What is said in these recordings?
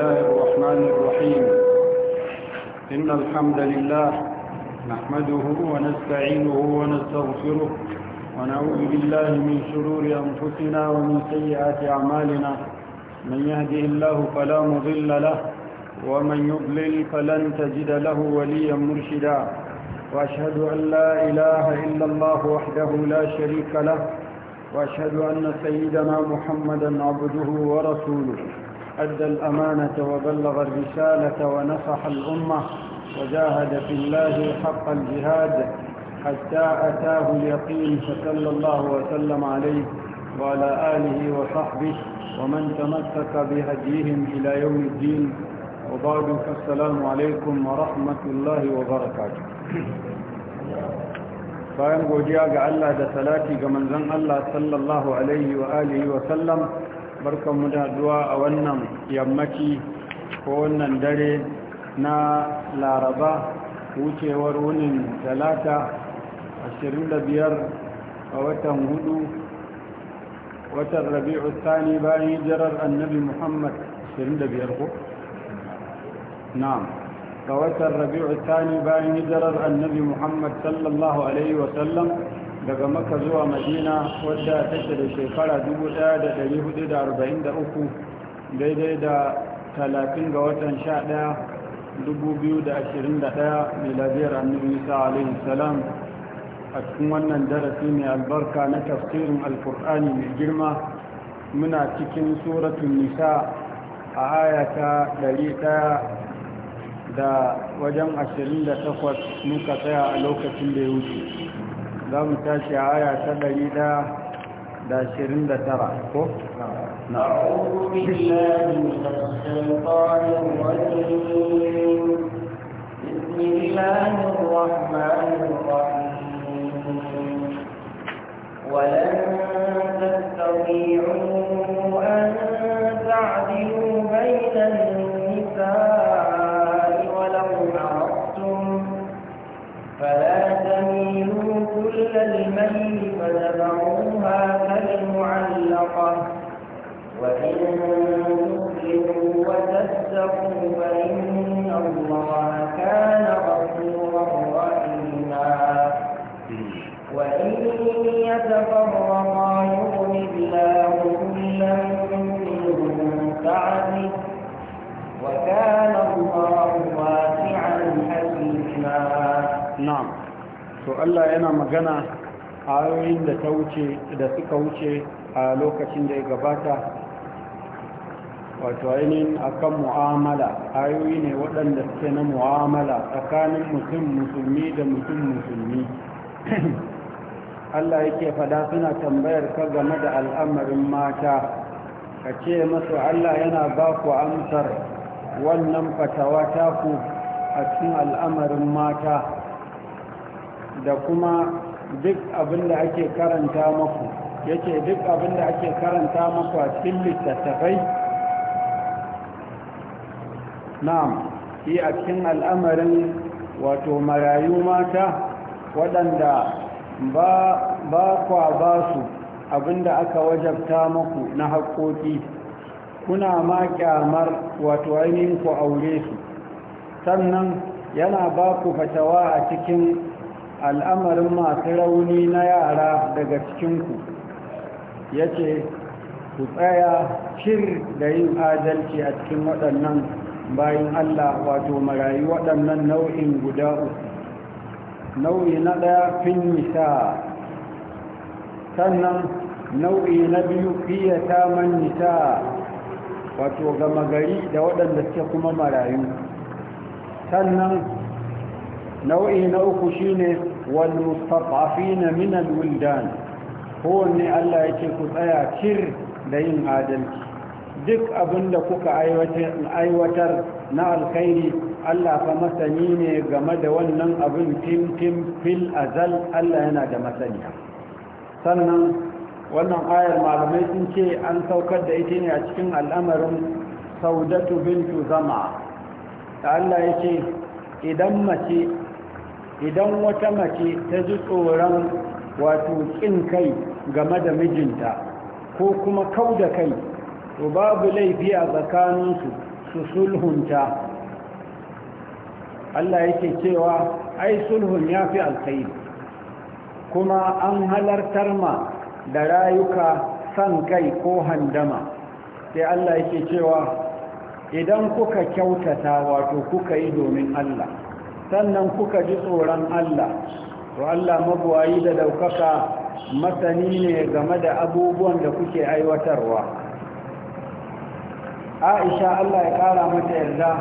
الله الرحمن الرحيم إن الحمد لله نحمده ونستعينه ونستغفره ونعوذ بالله من شرور أنفسنا ومن سيئات أعمالنا من يهده الله فلا مضل له ومن يضلل فلن تجد له وليا مرشدا وأشهد أن لا إله إلا الله وحده لا شريك له وأشهد أن سيدنا محمدا عبده ورسوله أدى الأمانة وبلغ الرسالة ونصح الأمة وجاهد في الله حق الجهاد حتى أتاه اليقين فصلى الله وسلم عليه وعلى آله وصحبه ومن تمسك بهديهم إلى يوم الدين وبعد فالسلام عليكم ورحمة الله وبركاته فأنا godiya ga Allah da salati الله manzon Allah sallallahu alaihi wa barkan mu da zuwa a wannan yammaci ko wannan dare na laraba wucewar wunin talata 25 a watan hudu watan rabi'u tsani bayan hijirar annabi muhammad 25 ko? na'am ga watan rabi'u tsani bayan hijirar annabi muhammad sallallahu alaihi wasallam daga maka zuwa madina wadda take da shekara 1443 daidai da 30 ga watan 11 2021 miladiyar annabi isa alaihi salam a cikin wannan darasi mai albarka na tafsirin alkur'ani mai girma muna cikin suratun nisa a ayata 100 da wajen 28 muka tsaya a lokacin da ya wuce za mu آية a aya شرين ɗari ترى da بالله من الشيطان الرجيم بسم الله الرحمن الرحيم ولن تستطيعوا إلى الميل فدفعوها كالمعلقة وإن تصلحوا وتتقوا فإن الله كان غفورا رحيما وإن يتفرقوا To Allah yana magana a ayoyin da suka wuce a lokacin da ya gabata wato ainihin akan mu'amala ayoyi ne waɗanda suke na mu'amala tsakanin mutum musulmi da mutum musulmi Allah yake fada suna tambayar ka game da al'amarin mata ka ce masu Allah yana ba ku amsar wannan fatawa taku a cikin al'amarin mata da kuma duk abin da ake karanta maku yake duk abin da ake karanta maku a cikin littattafai na'am shi a cikin al'amarin wato marayu mata waɗanda ba kwa ba su abin da aka wajabta maku na haƙoƙi kuna ma ƙyamar wato ainihin ku aure su sannan yana ba ku fatawa a cikin al'amarin masu rauni na yara daga cikinku ya ce ku tsaya shir da yin adalci a cikin waɗannan bayan Allah wato marayu waɗannan nau'in guda uku nau'i na ɗaya fin nisa sannan nau'i na biyu fiye man nisa wato gama gari da waɗanda suke kuma marayu sannan nau'i na uku shine walmustafafina min alwildan kowanne Allah yake ku tsaya cir da yin adalci duk abin da kuka aiwatar na alkhairi Allah fa masani ne game da wannan abin tim tim fil azal Allah yana da masaniya sannan wannan ayar malamai sun ce an saukar da ita ne a cikin al'amarin saudatu bintu zama da Allah yake idan mace idan wata mace ta ji tsoron wato ƙin kai game da mijinta ko kuma kau da kai to babu laifi a tsakaninsu su sulhunta Allah yake cewa ai sulhun ya fi alkhairi kuma an halartar ma da rayuka san kai ko handama sai Allah yake cewa idan kuka kyautata wato kuka yi domin Allah sannan kuka ji tsoron Allah to Allah mabuwayi da daukaka masani ne game da abubuwan da kuke aiwatarwa Aisha Allah ya kara mata yarda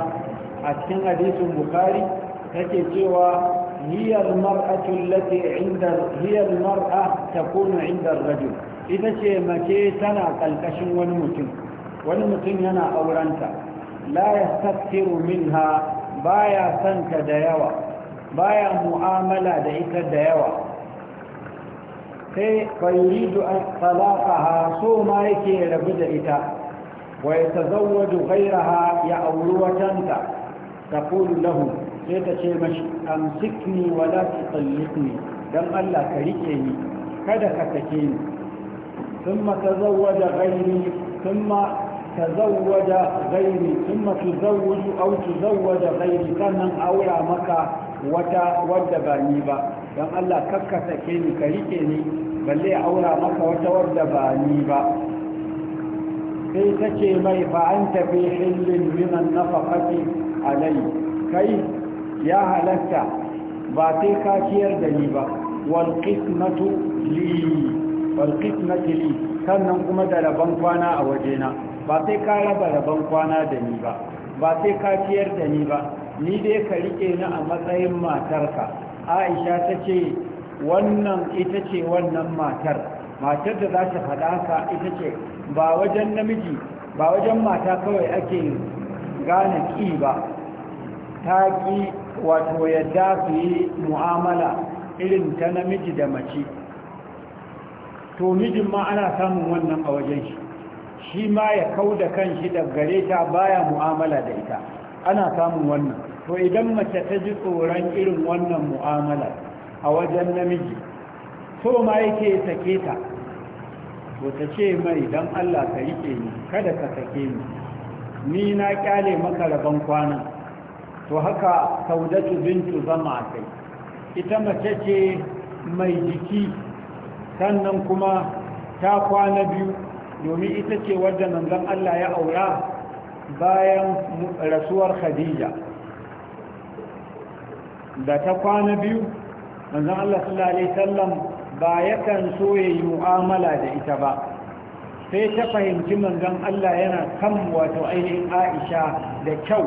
a cikin hadisin Bukhari take cewa hiya almar'atu allati 'inda hiya almar'a takunu 'inda ar-rajul ita ce mace tana kalkashin wani mutum wani mutum yana aurenta la yastakthiru minha baya son ka da yawa baya mu'amala da ita da yawa sai fayuridu an ha, so ma yake rabu da ita wa yatazawwaju ghayraha ya auri watanta taqulu lahu sai ta ce mashi amsikni wa la tutalliqni dan Allah ka rike ni kada ka take ni thumma tazawwaja ghayri thumma تزوج غير ثم تزوج أو تزوج غير كان أولى مكا وتا ودباني با دم الله كك سكيني كريكيني بل لي أولى مكا وتا ودباني با كيف تكي مي فأنت في حل من النفقة علي كي يا هلك باتي كاكير دني با والقسمة لي والقسمة لي كان نقوم دربان فانا أوجينا ba sai ka raba rabon kwana da ni ba ba sai ka ciyar da ni ba ni dai ka rike ni a matsayin matarka aisha ta ce wannan ita ce wannan matar matar da za ta faɗa ka ita ce ba wajen namiji ba wajen mata kawai ake gane ƙi ba ta ƙi wato yadda su yi mu'amala irin ta namiji da mace to mijin ma ana samun wannan a wajen shi shi ma ya kau da kan shi gare ta baya mu'amala da ita ana samun wannan to idan mace ta ji tsoron irin wannan mu'amala a wajen namiji so ma yake sake ta to ta ce mai don Allah ka rike ni kada ka sake ni ni na kyale maka rabon kwana to haka saudatu bintu zama kai ita mace ce mai jiki sannan kuma ta kwana biyu domin ita ce wadda manzan Allah ya aura bayan rasuwar Khadija da ta kwana biyu manzan Allah sallallahu alaihi Sallam ba yakan so yayi mu'amala da ita ba sai ta fahimci manzan Allah yana kan wato ainihin Aisha da kyau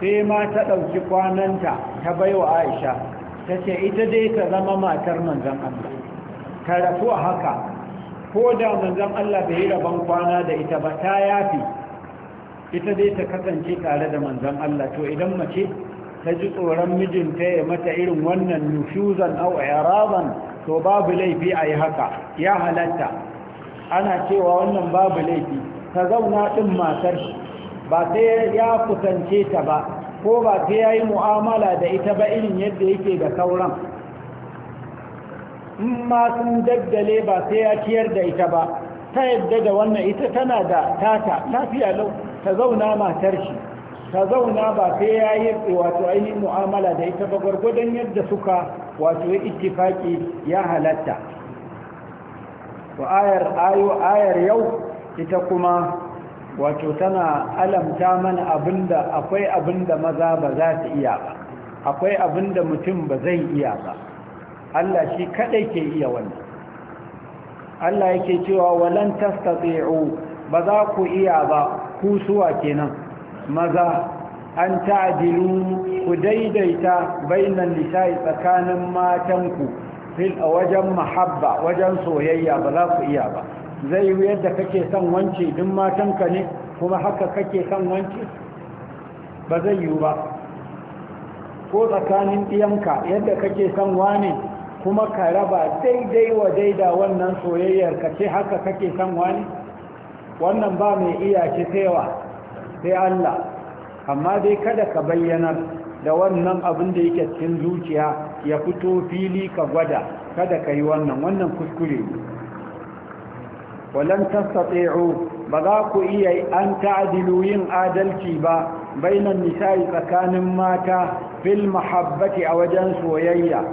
sai ma ta ɗauki kwananta ta baiwa Aisha ta ce ita dai ta zama matar manzon Allah ta rasu a haka ko da manzan Allah bai yi rabon kwana da ita ba ta yafi ita dai ta kasance tare da manzan Allah to idan mace ta ji tsoron mijinta ya mata irin wannan nushuzan au iraban to babu laifi a yi haka ya halatta ana cewa wannan babu laifi ta zauna ɗin matar ba sai ya kusance ta ba ko ba sai ya yi mu'amala da ita ba irin yadda yake da sauran in ma sun daddale ba sai ya ciyar da ita ba ta yadda da wannan ita tana da tata lafiya lau ta zauna matar shi ta zauna ba sai ya yi wato ainihin mu'amala da ita ba gwargwadon yadda suka wato ya ittifaki ya halatta to ayar ayo ayar yau ita kuma wato tana alamta mana abinda akwai abinda maza ba za su iya ba akwai abinda mutum ba zai iya ba Allah shi kadai ke iya wannan Allah yake cewa walan tastati'u ba za ku iya ba ku suwa kenan maza an ta'dilu ku daidaita bainan nisa'i tsakanin matanku fil wajen mahabba wajen soyayya ba za ku iya ba zai yi yadda kake son wance din matanka ne kuma haka kake son wance ba zai yi ba ko tsakanin ɗiyanka yadda kake son wane kuma ka raba daidai wa daida wannan soyayyar ka ce haka kake san wani wannan ba mai iya ce sai Allah amma dai kada ka bayyana da wannan abin da yake cikin zuciya ya fito fili ka gwada kada ka yi wannan wannan kuskure walan tastati'u ba za ku iya an ta'dilu yin adalci ba bainan nisa'i tsakanin mata fil mahabbati a wajen soyayya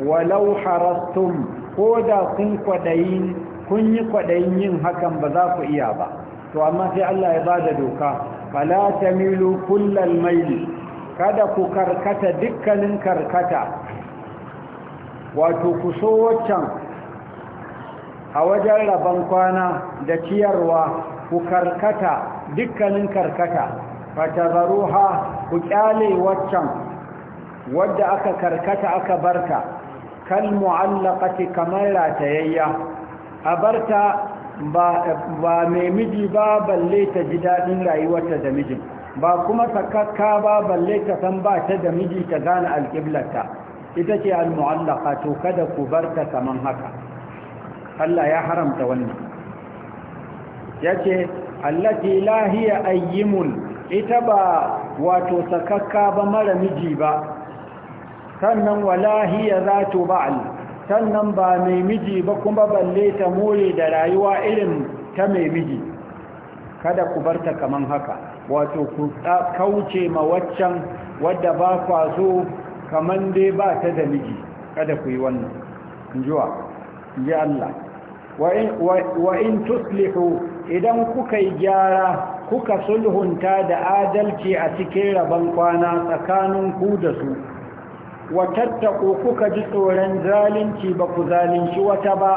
walau harastum ko da kun kwadayi kun yi kwadayin yin hakan ba za ku iya ba to amma sai Allah ya da doka fala tamilu kullal maili kada ku karkata dukkanin karkata wato ku so waccan a wajen rabon kwana da ciyarwa ku karkata dukkanin karkata fatazaruha ku kyale waccan wadda aka karkata aka barka kal mu'allaqati kamar ratayayya a barta ba mai miji ba balle ta ji daɗin rayuwarta da mijin ba kuma sakakka ba balle ta san ba ta da miji ta gane alƙiblarta ita ce al-mu'allaka to kada ku bar ta kaman haka Allah ya haramta wannan yace allati la hiya ayyimun ita ba wato sakakka ba mara miji ba sannan wala zato zatu ba'al sannan ba mai miji ba kuma balle ta more da rayuwa irin ta mai miji kada ku barta kaman haka wato ku kauce ma waccan wadda ba kwa so kaman dai ba ta da miji kada ku yi wannan injuwa ji Allah wa in tuslihu idan kuka yi gyara kuka sulhunta da adalci a cikin rabon kwana tsakanin ku da su wa kuka ji tsoron zalunci ba ku zalunci wata ba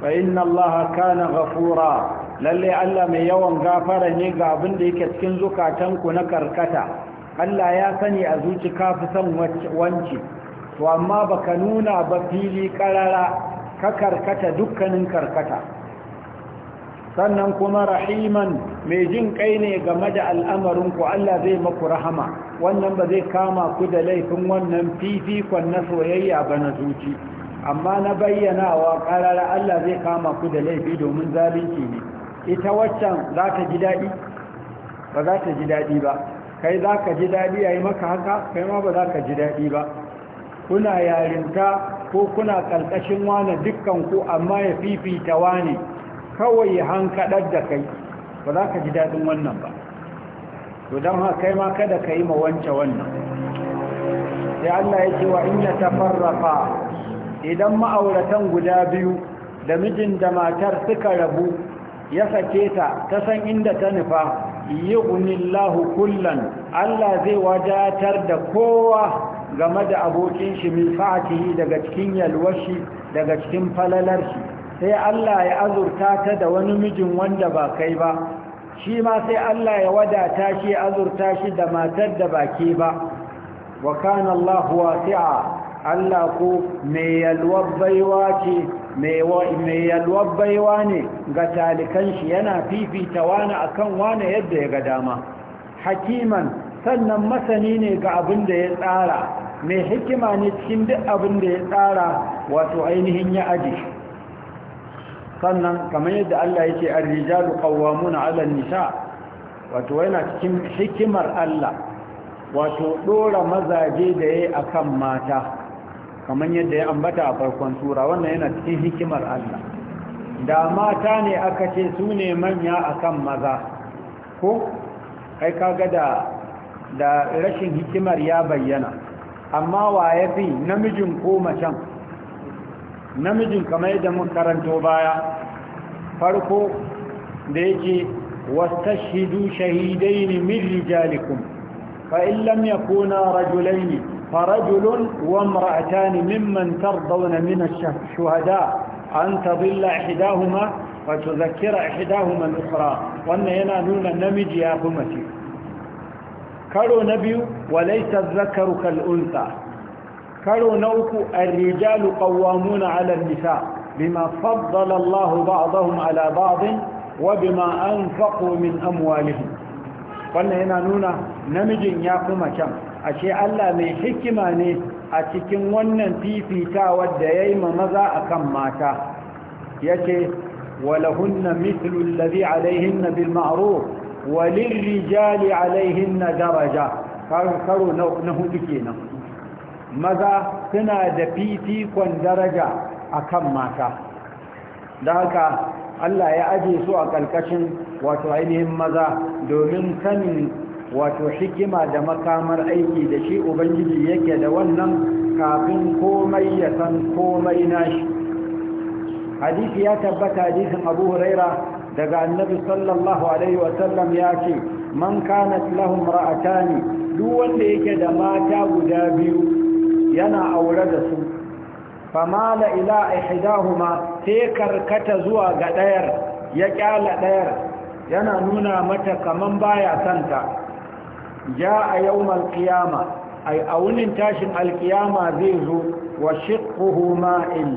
fa inna allaha kana ghafura lalle Allah mai yawan gafara ne ga abin da yake cikin zukatanku na karkata Allah ya sani a zuci kafi son wanci to amma baka nuna ba fili karara ka karkata dukkanin karkata sannan kuma rahiman mai jin kai ne game da al'amarinku Allah zai maku rahama wannan ba zai kama ku da laifin wannan fifikon na soyayya ba na zuci amma na bayyanawa karara Allah zai kama ku da laifi domin zalunci ne ita waccan za ta ji daɗi ba za ta ji daɗi ba kai za ka ji daɗi a yi maka haka kai ma ba za ka ji daɗi ba kuna yarinta ko kuna ƙarƙashin wane dukkan ku amma ya fifita wane kawai ya hankaɗar da kai ba za ka ji daɗin wannan ba to don haka kai ma kada ka yi ma wance wannan sai Allah ya ce wa in ya tafarrafa idan ma'auratan guda biyu da mijin da matar suka rabu ya sake ta ta san inda ta nufa yi yughnillahu kullan Allah zai wajatar da kowa game da abokin shi min fa'atihi daga cikin yalwashi daga cikin falalar sai Allah ya azurta ta da wani mijin wanda ba kai ba shi ma sai Allah ya wadata shi azurta shi da matar da ba ke ba wa kana Allah wasi'a Allah ko mai yalwar baiwa ce mai ne ga talikan shi yana fifita wani akan wani yadda ya ga dama hakiman sannan masani ne ga abin da ya tsara mai hikima ne cikin duk abin da ya tsara wato ainihin ya aji sannan kamar yadda Allah ya ce ar-rijalu qawwamuna 'ala an-nisa wato yana cikin hikimar Allah wato dora mazaje da yayi akan mata kamar yadda ya ambata a farkon tura, wannan yana cikin hikimar Allah da mata ne aka ce su ne manya akan maza ko kai kaga da da rashin hikimar ya bayyana amma wa yafi namijin ko macen namijin kamar yadda mun karanto baya farko da yake wastashhidu shahidaini min rijalikum fa in lam yakuna rajulaini فرجل وامرأتان ممن ترضون من الشهداء أن تضل إحداهما وتذكر إحداهما الأخرى وأن ينالون النمج يا همتي كرو نبي وليس الذكر كالأنثى karo na uku arrijalu qawwamuna 'ala nisa bima faddala Allahu ba'dahum 'ala ba'd wa bima anfaqu min amwalihim wannan yana nuna namijin ya fi macen ashe Allah mai hikima ne a cikin wannan fifitawa da ya yi ma maza akan mata yace walahunna mithlu alladhi alaihinna bil ma'ruf walirrijali Alayhin daraja karo na hudu kenan maza suna da fifikon daraja a kan mata da haka Allah ya aje su a ƙarƙashin wato ainihin maza domin sanin wato hikima da makamar aiki da shi ubangiji yake da wannan kafin komai ya san komai nashi hadisi ya tabbata hadisin abu huraira daga annabi sallallahu alaihi wasallam ya ce man kanat lahum ra'atani duk wanda yake da mata guda biyu yana aure da su famala ila ihdahuma sai karkata zuwa ga dayar ya kyala dayar yana nuna mata kaman baya santa jaa yawmal qiyama ay awunin tashin alqiyama zai zo wa shiqquhu ma'in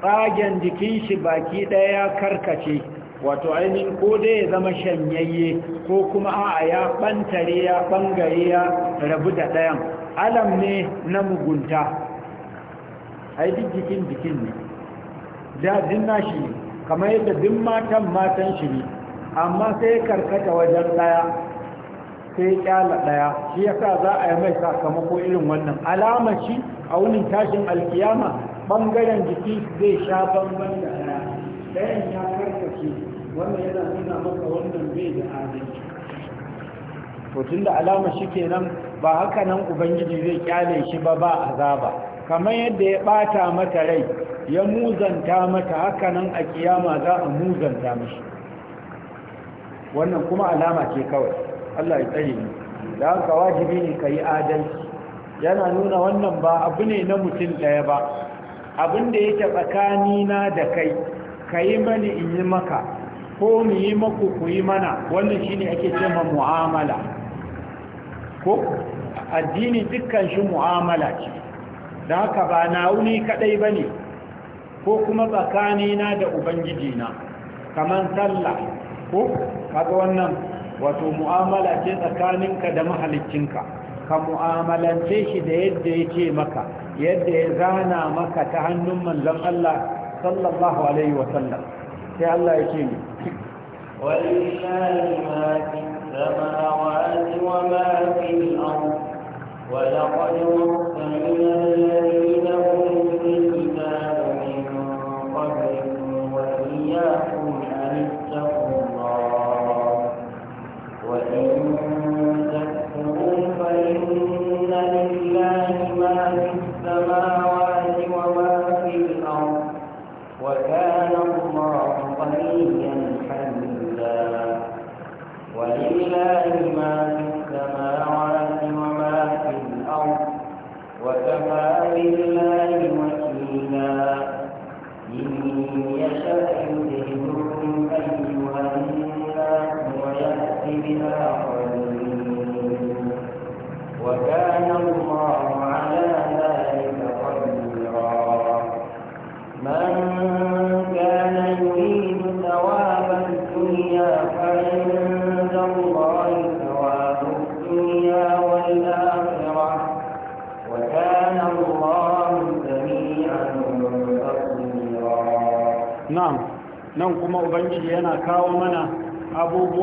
tsagen jikin shi baki daya ya karkace wato ainihin ko dai ya zama shanyayye ko kuma a'a ya bantare ya bangare ya rabu da dayan alam ne na mugunta ai duk jikin jikin ne da dinna shi ne kamar yadda din matan matan shi ne amma sai karkata wajen daya sai kyala daya shi yasa za a yi mai sakamako irin wannan alama shi a wunin tashin alkiyama bangaren jiki zai sha bamban da daya dayan ya karkace wannan yana nuna maka wannan bai da adalci to tunda alama shi kenan ba haka nan ubangiji zai kyale shi ba ba azaba kamar yadda ya bata mata rai ya muzanta mata haka nan a kiyama za a muzanta mishi wannan kuma alama ce kawai Allah ya tsare ni da haka wajibi ne ka yi adalci yana nuna wannan ba abu ne na mutum ɗaya ba abin da yake na da kai ka yi mani in yi maka ko mu yi maku ku yi mana wannan shine ake ce mu'amala ko addini dukkan shi mu'amala ce da haka ba nauni kadai bane ko kuma tsakanina da ubangiji na kaman sallah ko kaga wannan wato mu'amala ce tsakaninka da mahaliccinka ka mu'amalance shi da yadda ce maka yadda ya zana maka ta hannun manzon Allah sallallahu alaihi wasallam sai Allah ce ni walillahi ma fi السماوات وما في الأرض ولقد وصلنا الذين أوتوا الكتاب من قبل وإياكم أن اتقوا الله وإن تكفروا فإن لله ما في السماوات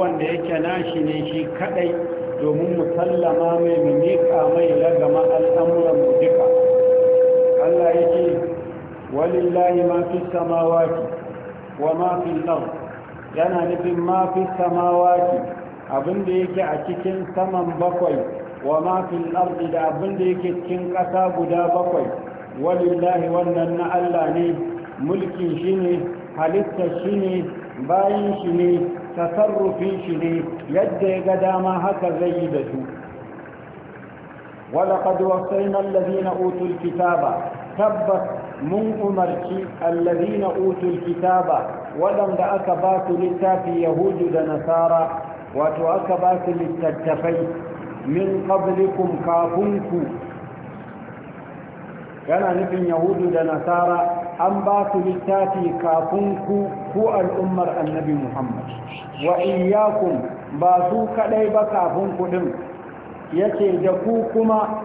wanda yake nashi ne shi kadai domin mu musallama mai mu miƙa mai ragama al'amuran mu duka Allah yake walillahi ma fi samawati wa ma fi ard yana nufin ma fi samawati abinda yake a cikin saman bakwai wa ma fi ard da abinda yake cikin ƙasa guda bakwai walillahi wannan na Allah ne mulkin shine halitta shine bayan shi ne tasarrufin shi ne yadda ya ga dama haka zai yi da su ولقد وصينا الذين أوتوا الكتاب تبت من أمرك الذين أوتوا الكتاب ولم دعك بات لتافي يهود ونصارى وتعك بات للتتفي من قبلكم كافنك كان نفن يهود ونصارى an ba su littafi kafin ku ku al'ummar annabi muhammad wa iyakun ba su kadai ba kafin kuɗin? din yace da ku kuma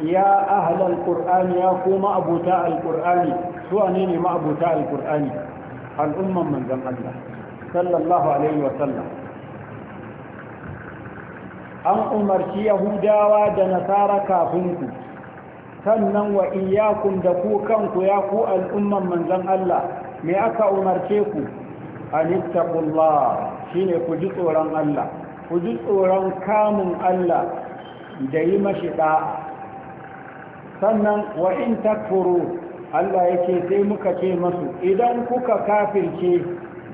ya ahlal qur'ani ya kuma abuta alqur'ani su ne ne ma abuta alqur'ani al'umman manzon Allah sallallahu alaihi wa sallam an umarci yahudawa da nasara kafin ku sannan wa iyakun da ku kanku ya ku al'umman manzan Allah me aka umarce ku an ittaqullah shine ku ji tsoron Allah ku ji tsoron kamun Allah da yi mashi da sannan wa in takfuru Allah yake sai muka ce masu idan kuka kafirce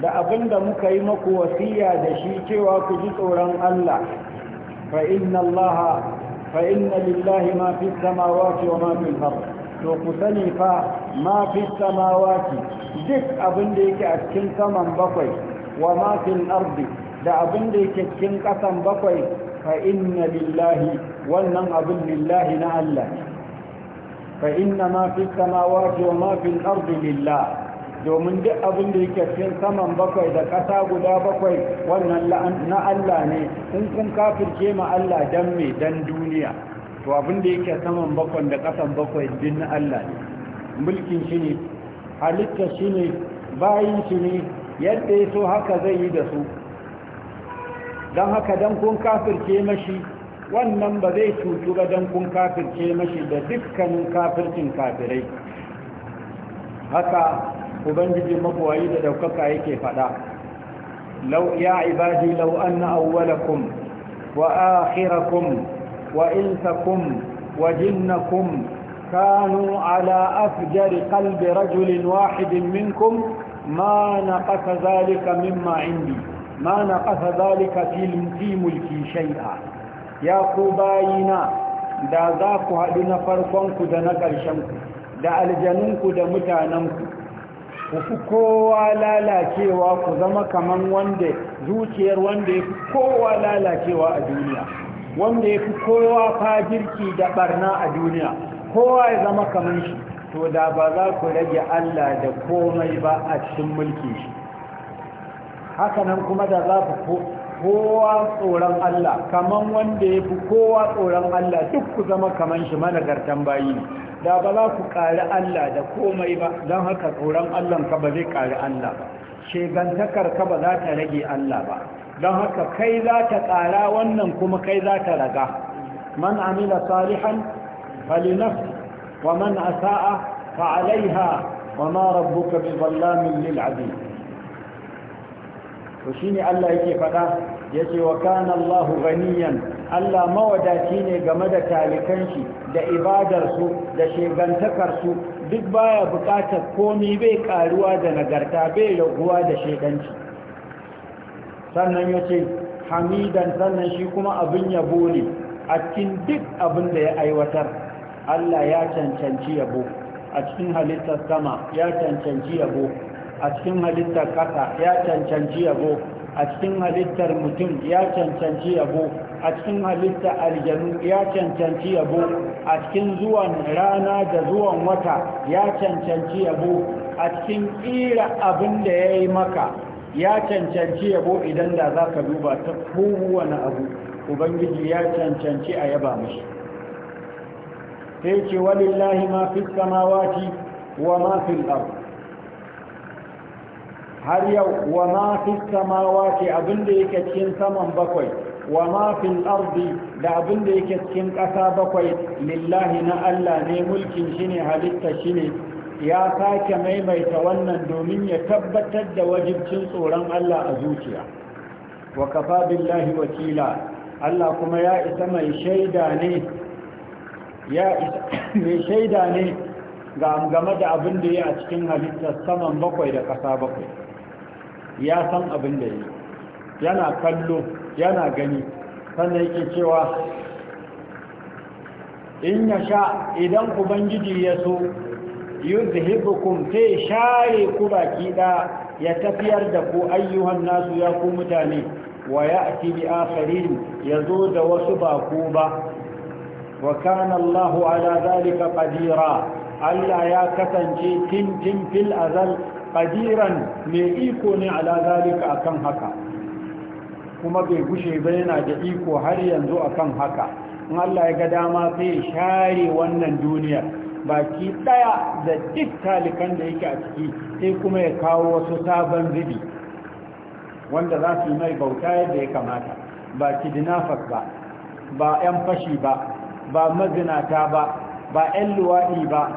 da abinda muka yi maku wasiya da shi cewa ku ji tsoron Allah fa inna Allah فإن لله ما في السماوات وما في الأرض to ku sani fa ma fi samawati duk abin da yake a cikin saman bakwai wa ma fil ardi da abin da yake cikin kasan bakwai fa inna lillahi wannan abin lillahi na Allah fa inna ma fi samawati wa ma fil ardi lillah domin duk abin da yake cikin saman bakwai da ƙasa guda bakwai wannan na Allah ne in kun kafirce ma Allah dan me dan duniya to abin da yake saman bakwai da ƙasan bakwai din na Allah ne mulkin shi ne halitta shi ne bayin shi ne yadda ya so haka zai yi da su don haka dan kun kafirce mashi wannan ba zai cutu ba dan kun kafirce mashi da dukkanin kafircin kafirai haka ubangiji mabuwayi da daukaka yake fada law ya ibadi law anna awwalakum wa akhirakum wa insakum wa jinnakum kanu ala afjari qalbi rajulin wahidin minkum ma naqasa zalika mimma indi ma naqasa zalika fil mulki shay'a ya qubayna da za ku hadu na farkon ku da na karshen ku da aljanun da mutanen ku fi kowa lalacewa ku zama kaman wanda zuciyar wanda ya fi kowa lalacewa a duniya wanda ya fi kowa fajirki da barna a duniya kowa ya zama kaman shi to da ba za ku rage Allah da komai ba a cikin mulkin shi hakanan kuma da za ku kowa tsoron Allah kaman wanda ya fi kowa tsoron Allah duk ku zama kaman shi managartan bayi da ba za ku ƙari Allah da komai ba don haka tsoron Allah ka ba zai ƙari Allah ba shegantakar ka ba za ta rage Allah ba don haka kai za ta ƙara wannan kuma kai za ta raga man amila salihan Falinas wa man asa'a fa alaiha wa ma rabbuka bi zallamin lil abid to shine Allah yake faɗa yace wa kana Allahu ganiyan Allah mawadaci ne game da talikan shi da ibadar su da shegantakar su duk baya buƙatar komai bai karuwa da nagarta bai raguwa da shedanci sannan yace hamidan sannan shi kuma abin yabo ne a cikin duk abin da ya aiwatar Allah ya cancanci yabo a cikin halittar sama ya cancanci yabo a cikin halittar ƙasa ya cancanci yabo a cikin halittar mutum ya cancanci yabo a cikin halittar aljanu ya cancanci yabo a cikin zuwan rana da zuwan wata ya cancanci yabo a cikin ƙira abin da ya yi maka ya cancanci yabo idan da za ka duba ta kowane abu ubangiji ya cancanci a yaba mashi sai ce walillahi ma fi samawati wa ma fi har yau wa ma ke, abin da yake cikin saman bakwai wa ma fi ardi da abinda yake cikin ƙasa bakwai lillahi na Allah ne mulkin shi ne halitta shi ne ya sake maimaita wannan domin ya tabbatar da wajibcin tsoron Allah a zuciya wa kafa billahi wakila Allah kuma ya isa mai shaida ne ya isa mai shaida ne game da abin da ya a cikin halittar saman bakwai da ƙasa bakwai ya san abin da yi yana kallo yana gani sannan yake cewa in ya sha idan ubangiji ya so yuzhibukum sai share ku baki da ya tafiyar da ku ayyuhan nasu ya ku mutane wa ya'ti bi akharin zo da wasu ba ba wa Allahu ala zalika qadira Allah ya kasance tin tin fil azal ƙadiran mai iko ne ala zalika akan haka kuma bai gushe ba yana da iko har yanzu akan haka in Allah ya ga dama sai share wannan duniyar baki daya da duk talikan da yake a ciki sai kuma ya kawo wasu sabon zubi wanda za su yi mai bauta yadda ya kamata ba kidnappers ba ba 'yan fashi ba ba mazinata ba ba 'yan luwaɗi ba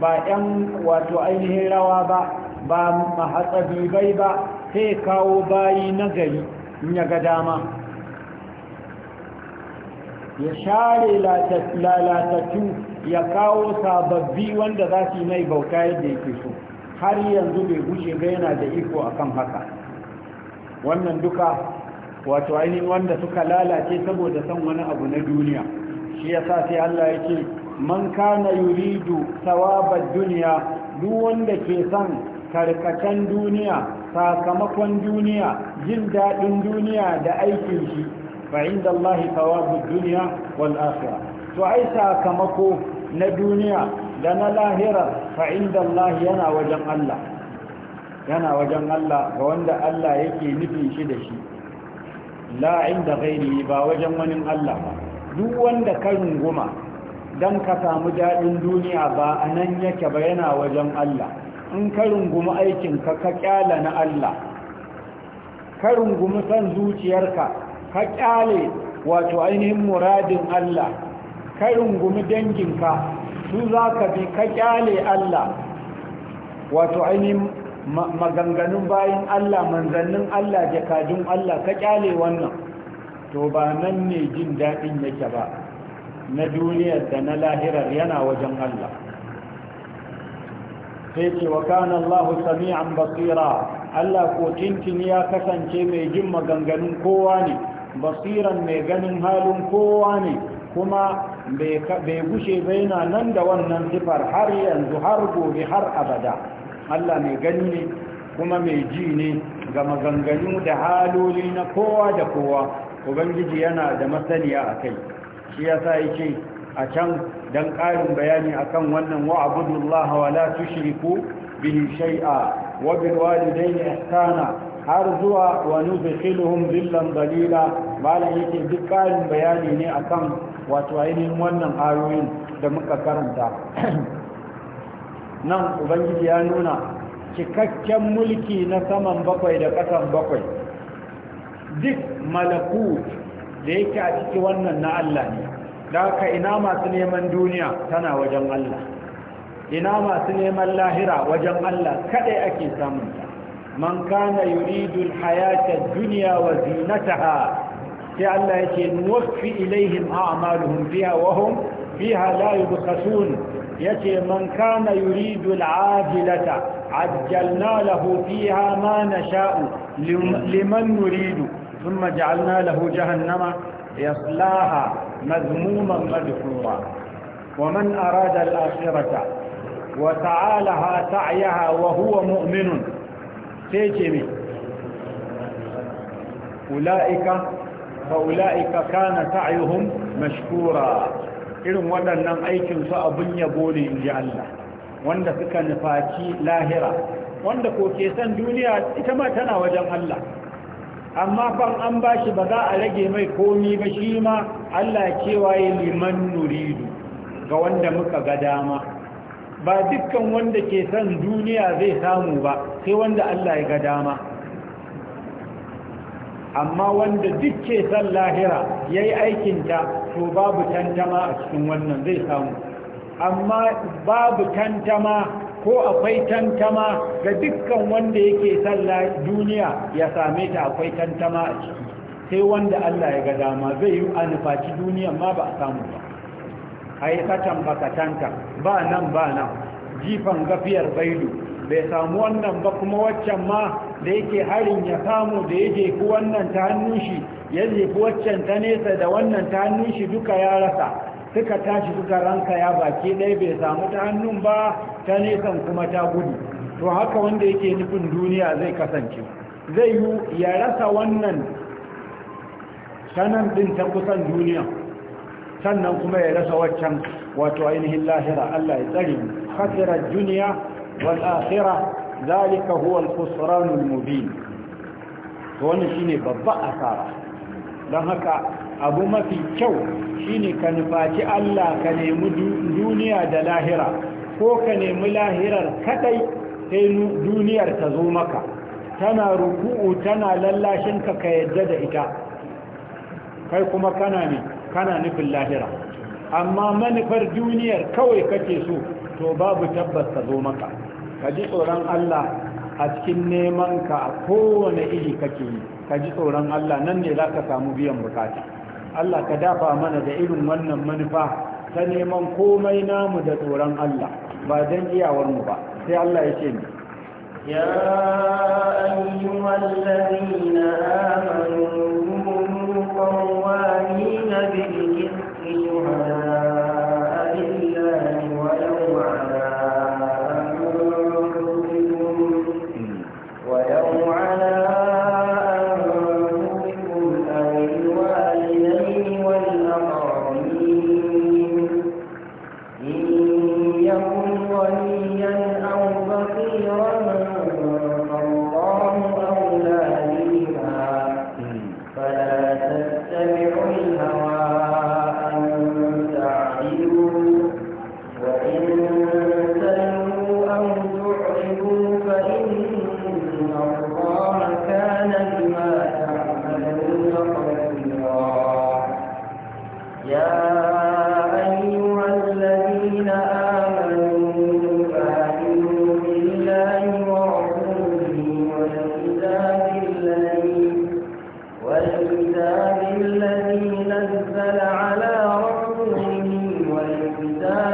ba 'yan wato ainihin rawa ba ba mahatsabi bai ba sai kawo bayi na gari in ya ga dama ya share lalatattu ya kawo sababbi wanda za su yi mai bauta yadda yake so har yanzu bai gushe ga yana da iko akan haka wannan duka wato ainihin wanda suka lalace saboda son wani abu na duniya shi ya sa sai Allah ya ce man kana yuridu tawabar duniya, duk wanda ke son karkatan duniya sakamakon duniya jin daɗin duniya da aikin shi fa inda Allah thawabu duniya wal akhirah to ai sakamako na duniya da na lahira fa inda Allah yana wajen Allah yana wajen Allah ga wanda Allah yake nufin shi da shi la inda ghairi ba wajen wani Allah ba duk wanda ka runguma dan ka samu daɗin duniya ba a nan yake ba yana wajen Allah in ka rungumi aikinka ka kyala na Allah ka rungumi san zuciyarka ka kyale wato ainihin muradin Allah ka rungumi danginka su za ka bi ka kyale Allah wato ainihin maganganun bayan Allah manzannin Allah jakadun Allah ka kyale wannan to ba nan ne jin daɗin yake ba na duniyar da na lahirar yana wajen Allah sai ce wa kana sami sami'an basira Allah ko tintin ya kasance mai jin maganganun kowa ne basiran mai ganin halin kowa ne kuma bai gushe baina nan da wannan sifar har yanzu har gobe har abada Allah mai gani ne kuma mai ji ne ga maganganu da haloli na kowa da kowa ubangiji yana da masaniya a kai shi yasa yake a can don ƙarin bayani a kan wannan wa'budullaha wa la tushriku bihi shay'a wa bil ihsana har zuwa wa nudkhiluhum dhillan dalila malam yake duk ƙarin bayani ne akan wato ainihin wannan ayoyin da muka karanta nan ubangiji ya nuna cikakken mulki na saman bakwai da ƙasan bakwai duk malakut da yake a ciki wannan na Allah ne da ka ina masu neman duniya tana wajen Allah ina masu neman lahira wajen Allah kadai ake samun ta man kana yuridu alhayata ad-dunya wa zinataha sai Allah yake nuwaffi ilaihim a'maluhum fiha wa hum fiha la yubqasun yace man kana yuridu al-ajilata عجلنا له فيها ما نشاء لمن نريد ثم جعلنا له جهنم يصلاها مذموما مدحورا ومن أراد الآخرة وسعى لها سعيها وهو مؤمن تيجمي أولئك فأولئك كان سعيهم مشكورا إذن ودنم أيكم سأبن يبولي إن جاء الله wanda suka nufaci lahira wanda ko ke san duniya ita ma tana wajen Allah amma fan an ba shi, ba za a rage mai komi ba shi ma Allah cewa ya liman nuridu ga wanda muka ga dama ba dukkan wanda ke son duniya zai samu ba sai wanda Allah ya ga dama amma wanda duk ke son lahira ya yi aikinta to babu tantama a cikin wannan zai samu amma babu tantama ko akwai tantama ga dukkan wanda yake sallah duniya ya same ta akwai tantama a ciki sai wanda Allah ya ga dama zai yi a nufaci duniya ma ba a samu ba a yi katan bakatanka ba nan ba nan jifan gafiyar baidu bai samu wannan ba kuma waccan ma da yake harin ya samu da ya jefi wannan ta hannun shi ya jefi waccan ta nesa da wannan ta hannun shi duka ya rasa suka tashi suka ranka ya baki ɗaya bai samu ta hannun ba ta nesan kuma ta gudu to haka wanda yake nufin duniya zai kasance zai yi ya rasa wannan sanan ɗin ta kusan duniya sannan kuma ya rasa waccan wato ainihin lahira Allah ya tsari khasirar duniya wal akhira zalika huwa al-khusranul mubin to wannan shine babba asara don haka abu mafi kyau shine ka nufaci Allah ka nemi duniya da lahira ko ka nemi lahirar kadai sai duniyar ta zo maka tana ruku'u tana lallashin ka ka yadda da ita kai kuma kana ne kana nufin lahira amma manufar duniyar kawai kake so to babu tabbas ta zo maka ka ji tsoron Allah a cikin neman ka a kowane iri kake yi ka ji tsoron Allah nan ne za ka samu biyan bukata Allah ka dafa mana da irin wannan manufa ta neman komai namu da tsoron Allah ba don iyawarmu ba sai Allah ya ce ni يا أيها الذين آمنوا كونوا قوامين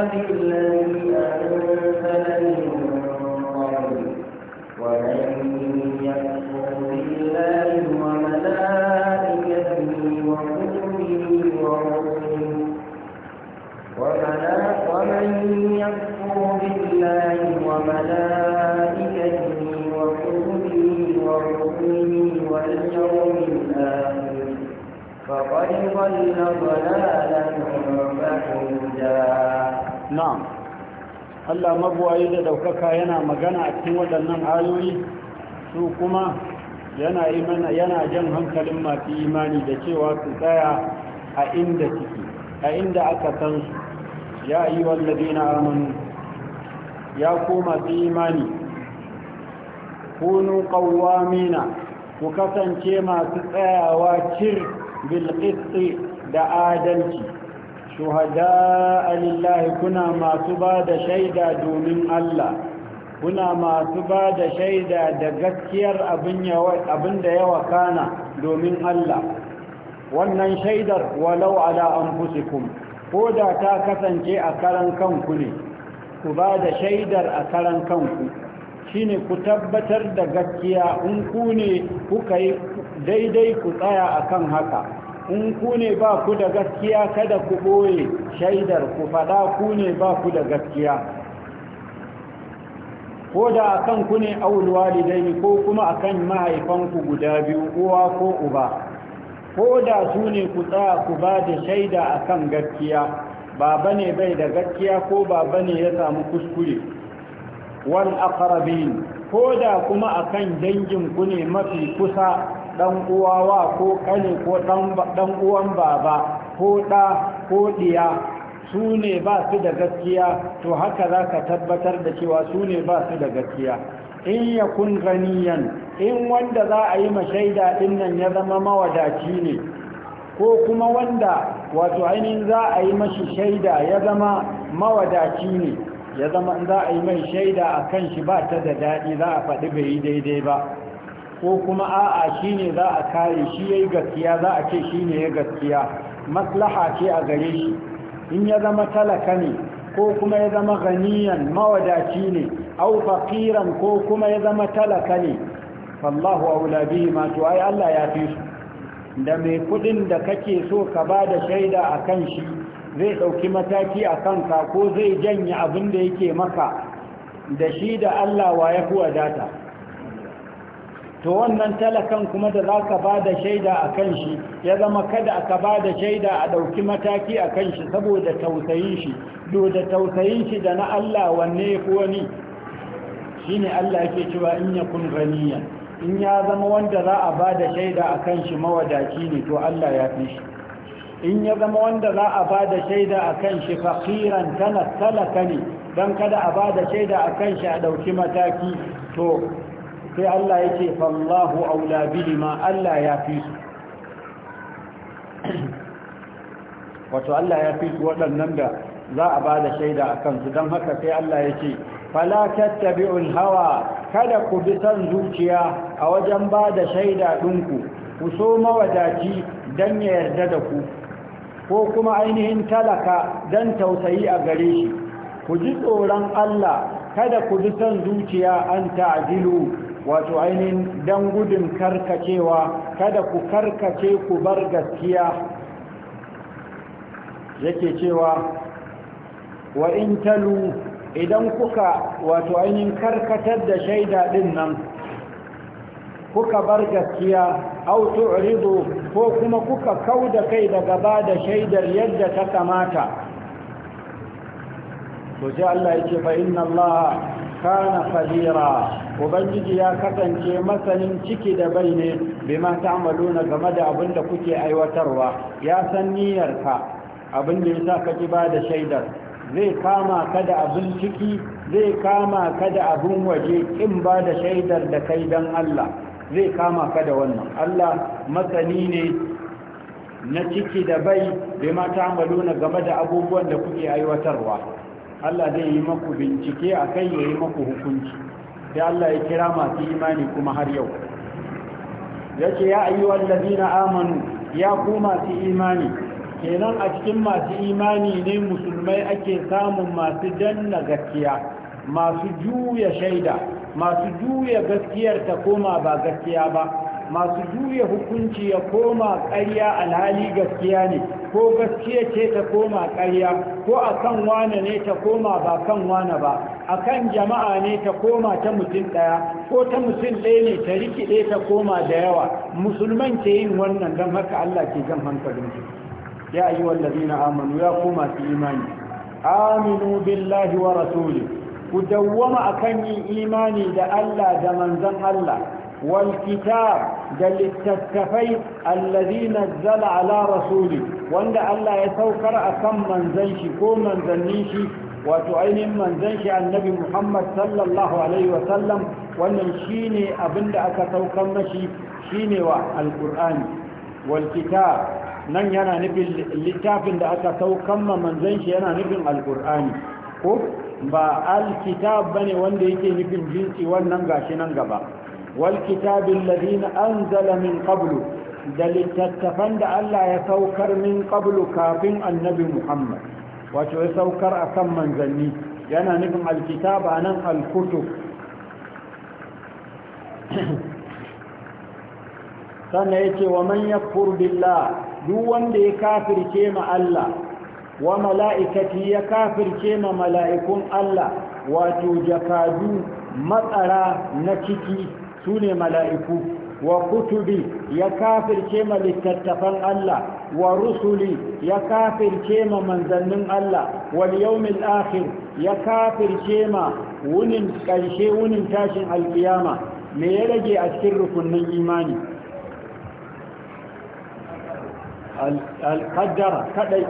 هذه Allah mabuwayi da daukaka yana magana a cikin waɗannan ayoyi su kuma yana yana jan hankalin masu imani da cewa su tsaya a inda suke a inda aka san su ya yi na amanu ya ku masu imani kunu qawwamina ku kasance masu tsayawa cir bil da adalci shuhada lillahi kuna masu ba da shaida domin Allah kuna masu ba da shaida da gaskiyar abin da ya wakana domin Allah wannan shaidar walau ala anfusikum ko da ta kasance a karan kanku ne ku ba da shaidar a karan kanku shine ku tabbatar da gaskiya in ku ne kuka yi daidai ku tsaya akan haka in ku ne ba ku da gaskiya kada ku ɓoye shaidar ku faɗa ku ne ba ku da gaskiya ko da a kan ku ne aulwalidaini ko kuma a kan mahaifanku guda biyu uwa ko uba ko da su ne ku tsaya ku ba da shaida a kan gaskiya baba ne bai da gaskiya ko baba ne ya samu kuskure wal aqrabin ko da kuma akan dangin ku ne mafi kusa ɗan uwawa ko ƙane ko ɗan uwan baba ko ɗa ko ɗiya su ne ba su da gaskiya to haka za ka tabbatar da cewa su ne ba su da gaskiya in ya kun ganiyan in wanda za a yi mashaida ɗin nan ya zama mawadaci ne ko kuma wanda wato ainihin za a yi mashi shaida ya zama mawadaci ne ya zama za a yi mai shaida a kan shi ba ta da daɗi za a faɗi bai yi daidai ba ko kuma a'a shi ne za a kare shi ya yi gaskiya za a ce shi ne ya gaskiya maslaha ce a gare shi in ya zama talaka ne ko kuma ya zama ganiyan mawadaci ne au faqiran ko kuma ya zama talaka ne wallahu aula bihi ma to ai Allah ya fi su da mai kudin da kake so ka ba da shaida akan shi zai dauki mataki akan ka ko zai janye abin da yake maka da shi da Allah wa ya fi wadata to wannan talakan kuma da za ka ba da shaida a kan shi ya zama kada ka ba da shaida a ɗauki mataki a kan shi saboda tausayin shi do da tausayin shi da na Allah wanne wani shi ne Allah ke cewa in ya kun ganiya in ya zama wanda za a ba da shaida a kan shi mawadaci ne to Allah ya fi shi in ya zama wanda za a ba da shaida a kan shi fakiran tana talaka ne don kada a ba da shaida a kan shi a ɗauki mataki to sai Allah ya ce fallahu aula bihima Allah ya fi su wato Allah ya fi su waɗannan da za a bada shaida a kansu don haka sai Allah ya ce fala tattabi'ul hawa kada ku bi san zuciya a wajen bada shaida dinku ku so mawadaci don ya yarda da ku ko kuma ainihin talaka don tausayi a gare shi ku ji tsoron Allah kada ku bi san zuciya an ta'dilu wato ainihin don gudun karkacewa kada ku karkace ku bar gaskiya yake cewa wa in talu idan kuka wato ainihin karkatar da shaida din nan kuka bar gaskiya au tu'ridu ko kuma kuka kauda kai daga ba da shaidar yadda ta kamata to sai Allah yake fa inna Allah kana qadira ubangiji ya kasance masanin ciki da bai ne bai bima ta'maluna game da abin da kuke aiwatarwa ya san ka abin da ya ka ba da shaidar zai kama ka da abin ciki zai kama ka da abin waje in ba da shaidar da kai don Allah zai kama ka da wannan Allah masani ne na ciki da bai bai bima ta'maluna game da abubuwan da kuke aiwatarwa Allah zai yi maku bincike a kai ya yi maku hukunci sai Allah ya kira masu imani kuma har yau yace ya ayyuhal ladina amanu ya ku masu imani kenan a cikin masu imani ne musulmai ake samun masu danna gaskiya masu juya shaida masu juya gaskiyar ta koma ba gaskiya ba masu juya hukunci ya koma ƙarya alhali gaskiya ne ko gaskiya ce ta koma ƙarya ko a kan wane ne ta koma ba kan wane ba akan jama'a ne ta koma ta mutum ɗaya ko ta mutum ɗaya ne ta rikide ta koma da yawa musulman ke yin wannan don haka Allah ke jan hankalin su ya yi wallazi na amanu ya koma su imani aminu billahi wa rasuli ku dawwama akan yin imani da Allah da manzon Allah wal kitab da littattafai allazi nazzala ala rasuli wanda Allah ya saukar akan manzon shi ko manzannin shi wato ainihin Manzanshi shi annabi Muhammad sallallahu alaihi wa sallam wannan shine abinda aka saukar mashi ne wa alqur'ani wal nan yana nufin littafin da aka saukar ma manzon shi yana nufin alkur'ani ko ba alkitab ne wanda yake nufin jinsi wannan gashi nan gaba wal kitabil ladina Anzalamin min da littattafan da Allah ya saukar min qablu kafin annabi Muhammad wato ya saukar a kan manzanni yana nufin alkitaba nan alkutu sannan ya ce wa manyan furdillah duk wanda ya kafirce ma Allah wa mala'ikati ya kafirce ma mala'ikun Allah wato jakadu matsara na ciki sune mala'iku wa kutubi ya kafirce ma littattafan Allah wa rusuli ya kafirce ma manzannin Allah wal yawmil akhir ya kafirce ma wunin karshe wunin tashin alkiyama me ya rage a cikin rukunin imani al-qaddara kadai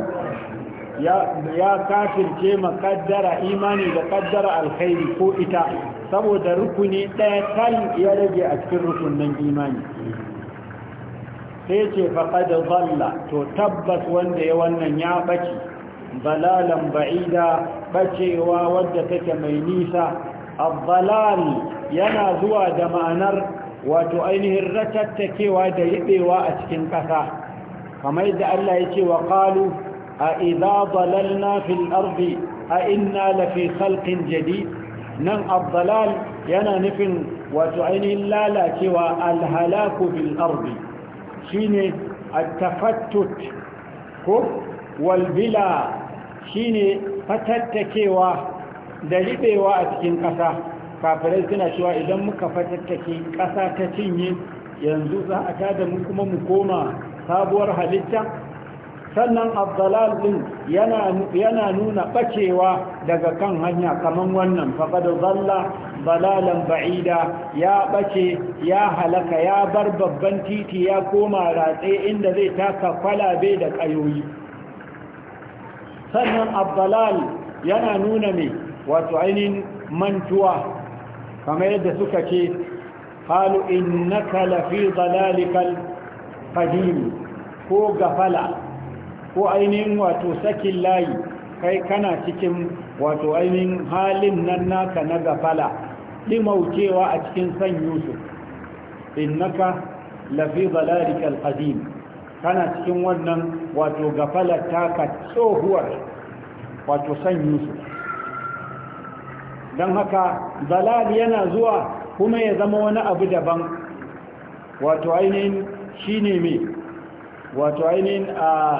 ya kafirce ma qaddara imani da qaddara alkhairi ko ita saboda rukuni ɗaya tal ya rage a cikin rukunin imani sai ce da zalla to tabbas wanda ya wannan ya ɓace balalan ba'ida ɓacewa wadda take mai nisa abbalal yana zuwa da ma'anar wato ainihin ratattakewa da riɓewa a cikin ƙasa kamar da Allah ya ce wa ƙalu a balal na fil arzi a inna lafi salkin jadid nan abdalal yana nufin wato ainihin lalacewa alhalaku bil ardi shine at-tafattut ko walbila shine fatattakewa da ribewa a cikin ƙasa kafirai suna cewa idan muka fatattake ƙasa ta cinye yanzu za a tada mu kuma mu koma sabuwar halitta sannan abdalal din yana nuna ɓacewa daga kan hanya kamar wannan faƙad zalla balalan ba'ida ya ɓace ya halaka ya bar babban titi ya koma ratse inda zai taka kwalabe da ƙayoyi sannan abdalal yana nuna mai wato ainihin mantuwa kamar yadda suka ce halu innaka lafi zalalikal qadim ko gafala ko ainihin wato sakin layi kai kana cikin wato ainihin halin nan naka na gafala limaucewa a cikin san yusuf innaka lafi zalarikal qadim kana cikin wannan wato gafala taka tsohuwar wato san yusuf don haka zalal yana zuwa kuma ya zama wani abu daban wato ainihin shi ne wato ainihin a ah,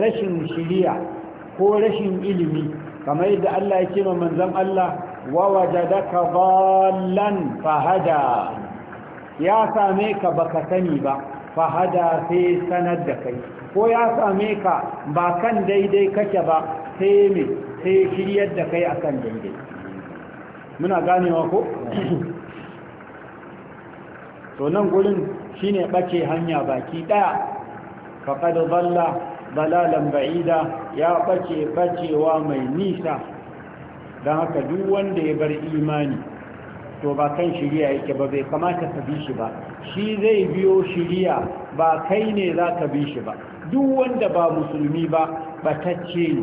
rashin shiriya ko rashin ilimi kamar yadda Allah ya ce ma manzon Allah wa wajadaka dallan fahada ya same ka baka sani ba fahada sai sanar da kai ko ya same ka ba kan daidai kake ba sai me sai shiryar da kai akan daidai muna ganewa ko to nan gurin shine bace hanya baki daya faqad dhalla dalalan ba'ida ya bace mai nisa Don haka duk wanda ya bar imani to ba kan shiriya yake ba bai kamata ka bi shi ba shi zai biyo shiriya ba kai ne za ka bi shi ba duk wanda ba musulmi ba batacce ne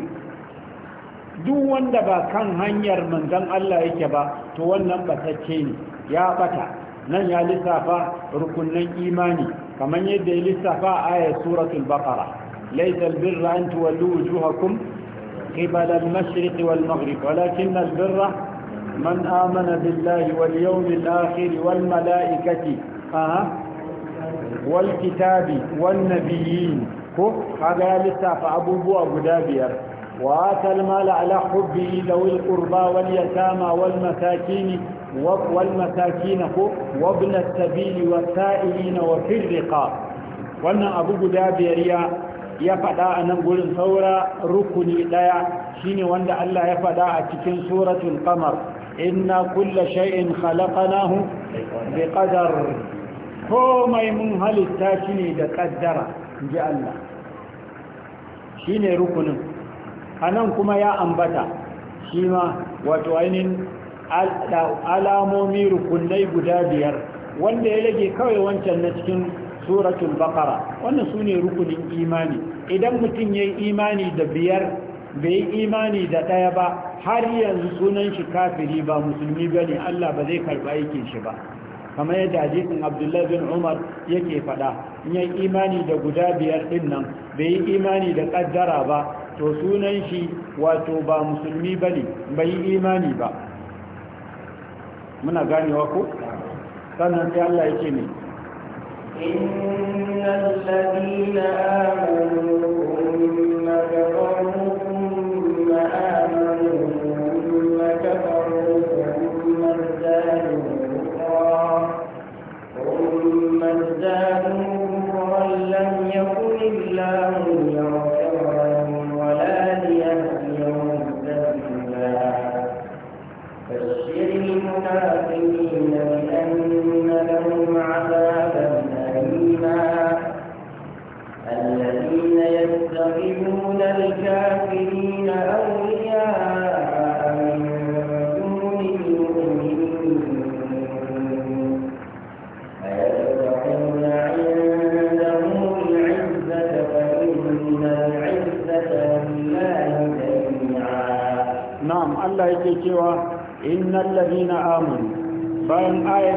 duk wanda ba kan hanyar manzon Allah yake ba to wannan batacce ne ya bata nan ya lissafa rukunnan imani كمن يدعي لسفاء آية سورة البقرة ليس البر أن تولوا وجوهكم قبل المشرق والمغرب ولكن البر من آمن بالله واليوم الآخر والملائكة آه، والكتاب والنبيين هذا لسفاء أبو بو أبو دابير وآت المال على حبه ذوي القربى واليتامى والمساكين والمساكين وابن السبيل والسائلين وفي الرقاب wannan abu guda biyar ya faɗa a nan gurin saura rukuni ɗaya shine wanda Allah ya faɗa a cikin suratul qamar inna kulla shay'in khalaqnahu biqadar komai mun halitta shi ne da kaddara ji Allah shine rukunin anan kuma ya ambata shi ma wato ainihin alamomi rukunai guda biyar wanda ya rage kawai wancan na cikin suratul baqara wannan su ne rukunin imani idan mutum ya yi imani da biyar bai imani da ɗaya ba har yanzu sunan shi kafiri ba musulmi ba ne allah ba zai karɓa aikin shi ba kamar yadda hadisin abdullahi bin umar yake faɗa in yi imani da guda biyar ɗin nan bai yi imani da ƙaddara ba to sunan shi wato ba musulmi ba ne bai imani ba muna ganewa ko sannan sai Allah yake ne innal ladina amanu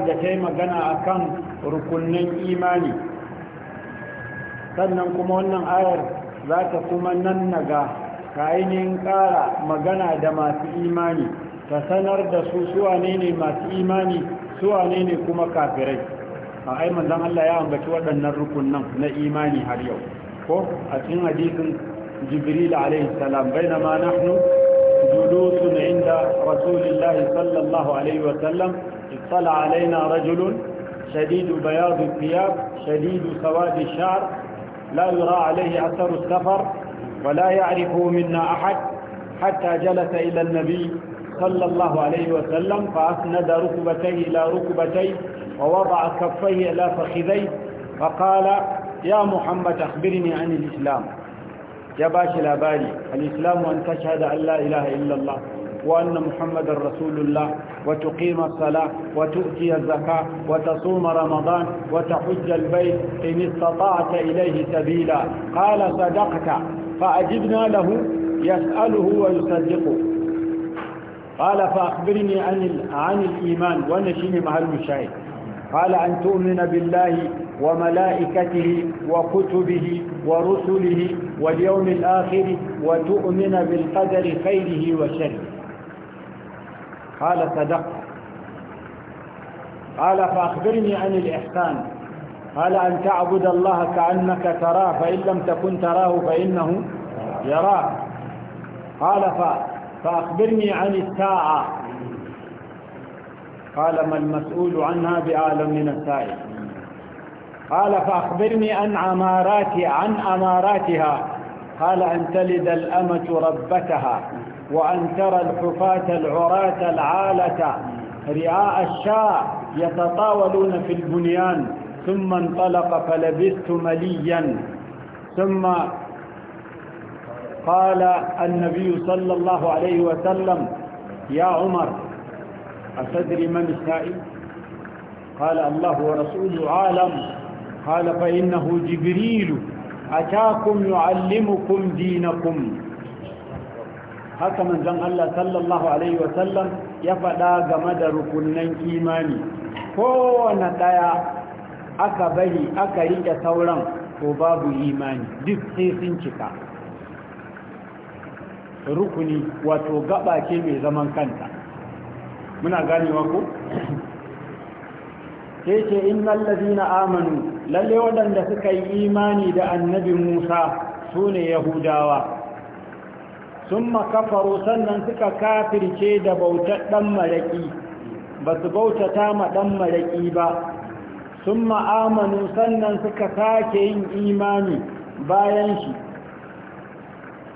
da ta magana a kan rukunin imani sannan kuma wannan ayar za ta kuma nan naga ta ƙara magana da masu imani ta sanar da su suwane ne masu imani suwane ne kuma kafirai a aiman zan Allah ya ambaci waɗannan rukunan na imani har yau ko a cikin hadisin jibril alaihi na bainama nahnu جلوس عند رسول الله صلى الله عليه وسلم اطلع علينا رجل شديد بياض الثياب شديد سواد الشعر لا يرى عليه أثر السفر ولا يعرفه منا أحد حتى جلس إلى النبي صلى الله عليه وسلم فأسند ركبتيه إلى ركبتيه ووضع كفيه إلى فخذيه فقال يا محمد أخبرني عن الإسلام يا باشا الأباري الإسلام أن تشهد أن لا إله إلا الله وأن محمد رسول الله وتقيم الصلاة وتؤتي الزكاة وتصوم رمضان وتحج البيت إن استطعت إليه سبيلا قال صدقت فأجبنا له يسأله ويصدقه قال فأخبرني عن, عن الإيمان ونشين مع المشاهد قال أن تؤمن بالله وملائكته وكتبه ورسله واليوم الآخر وتؤمن بالقدر خيره وشره قال صدقت قال فأخبرني عن الإحسان قال أن تعبد الله كأنك تراه فإن لم تكن تراه فإنه يراك قال فأخبرني عن الساعة قال ما المسؤول عنها بأعلم من السائل قال فأخبرني عن أماراتها عن أماراتها قال أن تلد الأمة ربتها وأن ترى الحفاة العراة العالة رعاء الشاء يتطاولون في البنيان ثم انطلق فلبثت مليا ثم قال النبي صلى الله عليه وسلم يا عمر أتدري من السائل قال الله ورسوله عالم قال فإنه جبريل أتاكم يعلمكم دينكم haka manzon Allah sallallahu alaihi wasallam ya faɗa game da rukunnan imani kowane ɗaya aka bari aka riƙe sauran ko babu imani duk sai sun cika rukuni wato gaba ke mai zaman kanta muna ganewa ku? sai ce innal ladina amanu lalle waɗanda suka yi imani da annabi Musa sune yahudawa sun makafaro sannan suka kafirce da bautar ɗan maraƙi ba su bautata ma ɗan maraƙi ba sun ma'amanu sannan suka sake yin imani bayan shi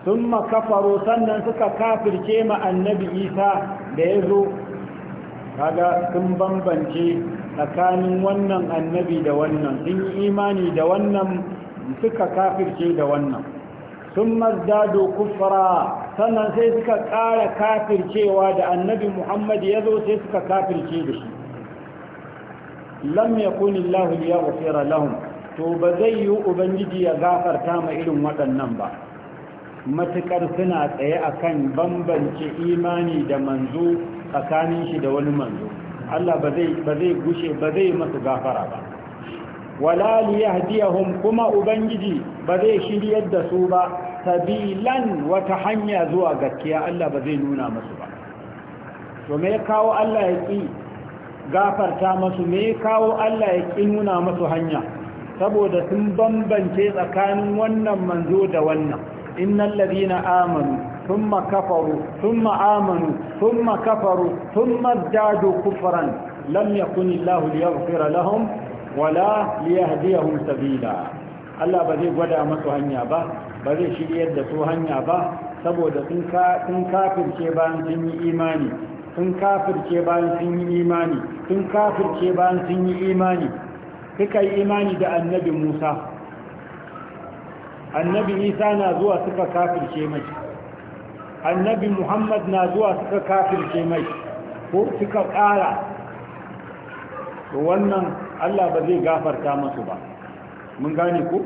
sun makafaro sannan suka kafirce ma annabi isa da ya zo kaga sun bambance tsakanin wannan annabi da wannan sun yi imani da wannan suka kafirce da wannan sun mazdado kufra sannan sai suka ƙara kafircewa da annabi muhammad ya zo sai suka kafirce da shi lam yakun illahu ya ghafira to ba zai yi ubangiji ya gafarta ma irin waɗannan ba matukar suna tsaye akan bambance imani da manzo tsakanin shi da wani manzo Allah ba zai gushe ba zai masu gafara ba Walali, li kuma ubangiji ba zai shiryar da su ba sabilan wata hanya zuwa gaskiya Allah ba zai nuna masu ba to me kawo Allah ya ki gafarta masu me kawo Allah ya ki nuna masu hanya saboda sun bambance tsakanin wannan manzo da wannan innal ladina amanu thumma kafaru thumma amanu thumma kafaru thumma zadu kufran lam yakun Allah liyaghfira lahum wala liyahdiyahum sabila Allah ba zai gwada masu hanya ba ba zai shiryar da su hanya ba saboda sun kafirce bayan sun yi imani sun kafirce bayan sun yi imani sun kafirce bayan sun yi imani suka yi imani da annabi musa annabi isa na zuwa suka kafirce mai annabi muhammad na zuwa suka kafirce mai ko suka ƙara wannan allah ba zai gafarta masu ba mun gane ku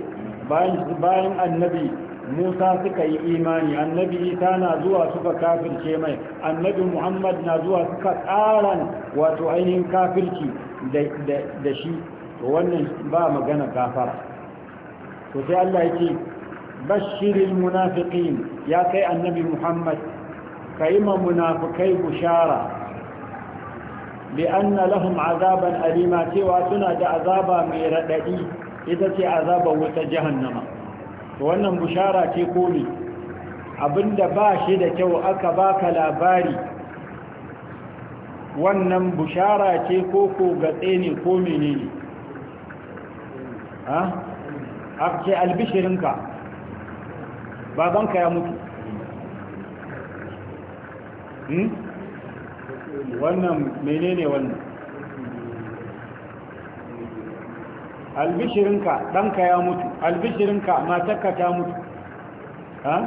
bayan annabi musa suka yi imani annabi isa na zuwa suka kafirce mai annabi muhammad na zuwa suka karan wato ainihin kafirci da shi to wannan ba magana kafara to sai allah yake bashirin munafiqin ya kai annabi muhammad ka yi ma munafikai bushara bi anna lahum azaban alima cewa suna da azaba mai raɗaɗi ita ce azaba wuta jahannama wannan bushara ce komi abinda ba shi da kyau aka baka labari wannan bushara ce koko gatse ne ko menene ne a ce albishirinka babanka ya mutu hmm? wannan menene wannan albishirinka ɗanka ya mutu albishirinka matakka ta mutu ha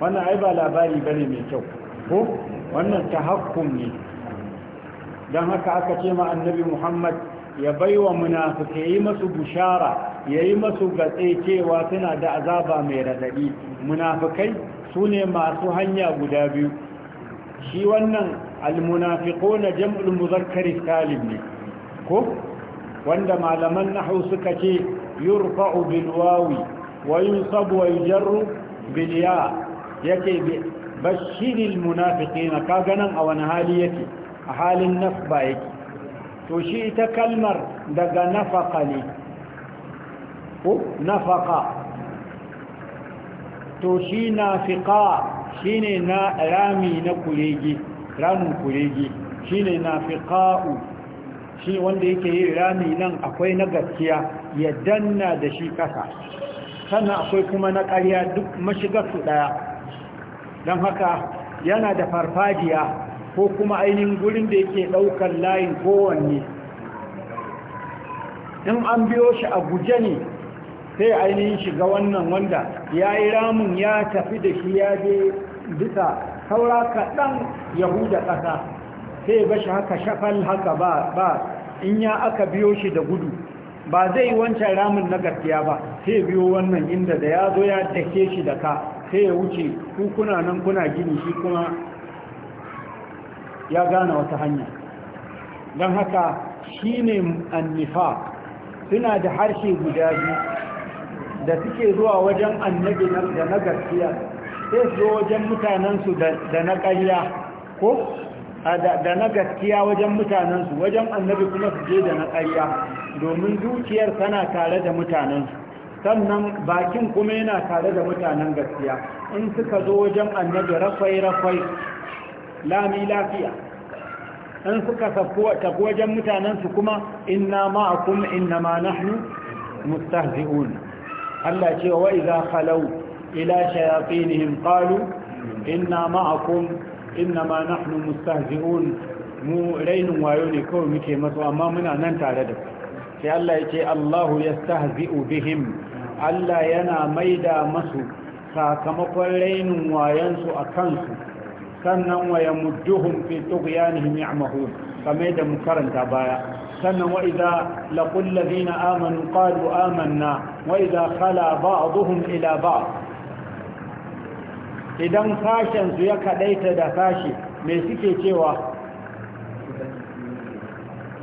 wannan ai ba labari ba ne mai kyau ko wannan ta hakkun ne don haka aka ce ma annabi muhammad ya baiwa munafuka yi masu bushara ya yi masu gatse cewa suna da azaba mai raɗaɗi munafukai su ne masu hanya guda biyu shi wannan na jam'ul muzakkari ne ko wanda malaman nahu suka ce yurfa'u bil wawi wa yunsabu wa yujarru bil ya yake bashiril munafiqina kaga nan a wani hali yake a halin nasba yake to shi ta kalmar daga nafaqa ne ko nafaqa to shi nafiqa shine na rami na kurege ramin kurege shine nafiqa'u shi wanda yake yi rami nan akwai na gaskiya ya danna da shi kasa sannan akwai kuma na ƙarya duk mashigarsu ɗaya don haka yana da farfajiya ko kuma ainihin gurin da yake ɗaukar layin kowanne in an biyo shi a guje ne sai ainihin shiga wannan wanda ya yi ramin ya tafi da shi ya je bisa saura kaɗan yahuda ƙasa sai bashi haka shafal haka ba in ya aka biyo shi da gudu ba zai yi wancan ramin na gaskiya ba sai biyo wannan inda da ya zo ya take shi da ka sai ya wuce ku kuna nan kuna gini shi kuma ya gane wata hanya don haka shi ne annifa suna da harshe guda biyu da suke zuwa wajen annabi da na gaskiya sai zo wajen mutanensu da na karya ko da na gaskiya wajen mutanensu wajen annabi kuma su je da na ƙarya domin dukiyar tana tare da mutanensu sannan bakin kuma yana tare da mutanen gaskiya in suka zo wajen annabi rafai-rafai lami lafiya in suka tafi wajen mutanensu kuma inna ma'akum inna ma nahnu mustahzi'un Allah ce wa idza khalau ila shayatinihim qalu inna ma'akum innama nahnu mustahzi'un mu rainin wayo ne kawai muke masu amma muna nan tare da sai Allah ya ce Allahu yastahzi'u bihim Allah yana maida masu sakamakon rainin wayansu a kansu sannan wa yamudduhum fi tughyanihim ya'mahun kamar da mu karanta baya sannan wa'iza laƙullazi na amanu ƙalu amanna wa'iza khala ba a ila ba idan sashensu ya kaɗaita da sashi mai suke cewa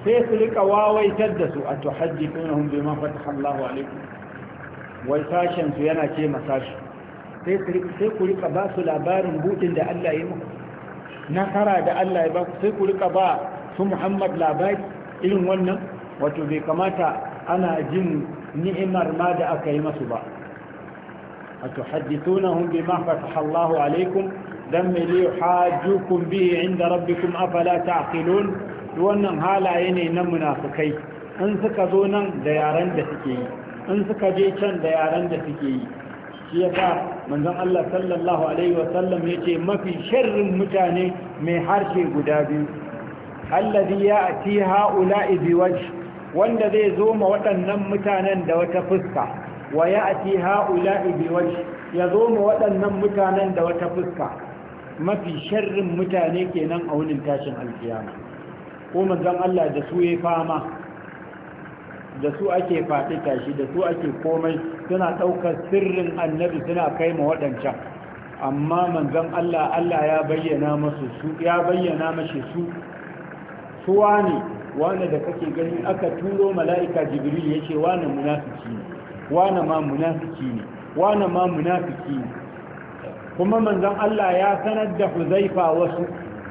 sai su rika wawaitar da su a tuhajji tunahun bai mafata Allahu alaikum wai sashensu yana ce masashi sai ku rika ba su labarin buɗin da Allah ya maku? nasara da Allah ya ba sai ku rika ba su Muhammad labari irin wannan wato bai kamata ana jin ni'imar ma da aka yi masu ba أتحدثونهم بما فتح الله عليكم دم ليحاجوكم به عند ربكم أفلا تعقلون wannan halaye ne na munafukai in suka zo nan da yaran da suke yi in suka je can da yaran da suke yi shi yasa manzon Allah sallallahu alaihi wa sallam yace mafi sharrin mutane mai harshe guda biyu alladhi ya'ti ha'ula'i waje wanda zai zo ma waɗannan mutanen da wata fuska wa ake hau bi ya zo mu waɗannan mutanen da wata fuska mafi sharrin mutane kenan a wurin tashin alkiyama ko manzon Allah da su ya fama da su ake faɗi tashi da su ake komai suna ɗaukar sirrin annabi suna kai ma waɗancan amma manzon Allah Allah ya bayyana masu su ya bayyana mashi su suwa ne wanda da kake gani aka turo mala'ika jibril ce, wani munafiki ne wane ma munafiki ne wane ma munafiki ne kuma manzon Allah ya sanar da Huzaifa wasu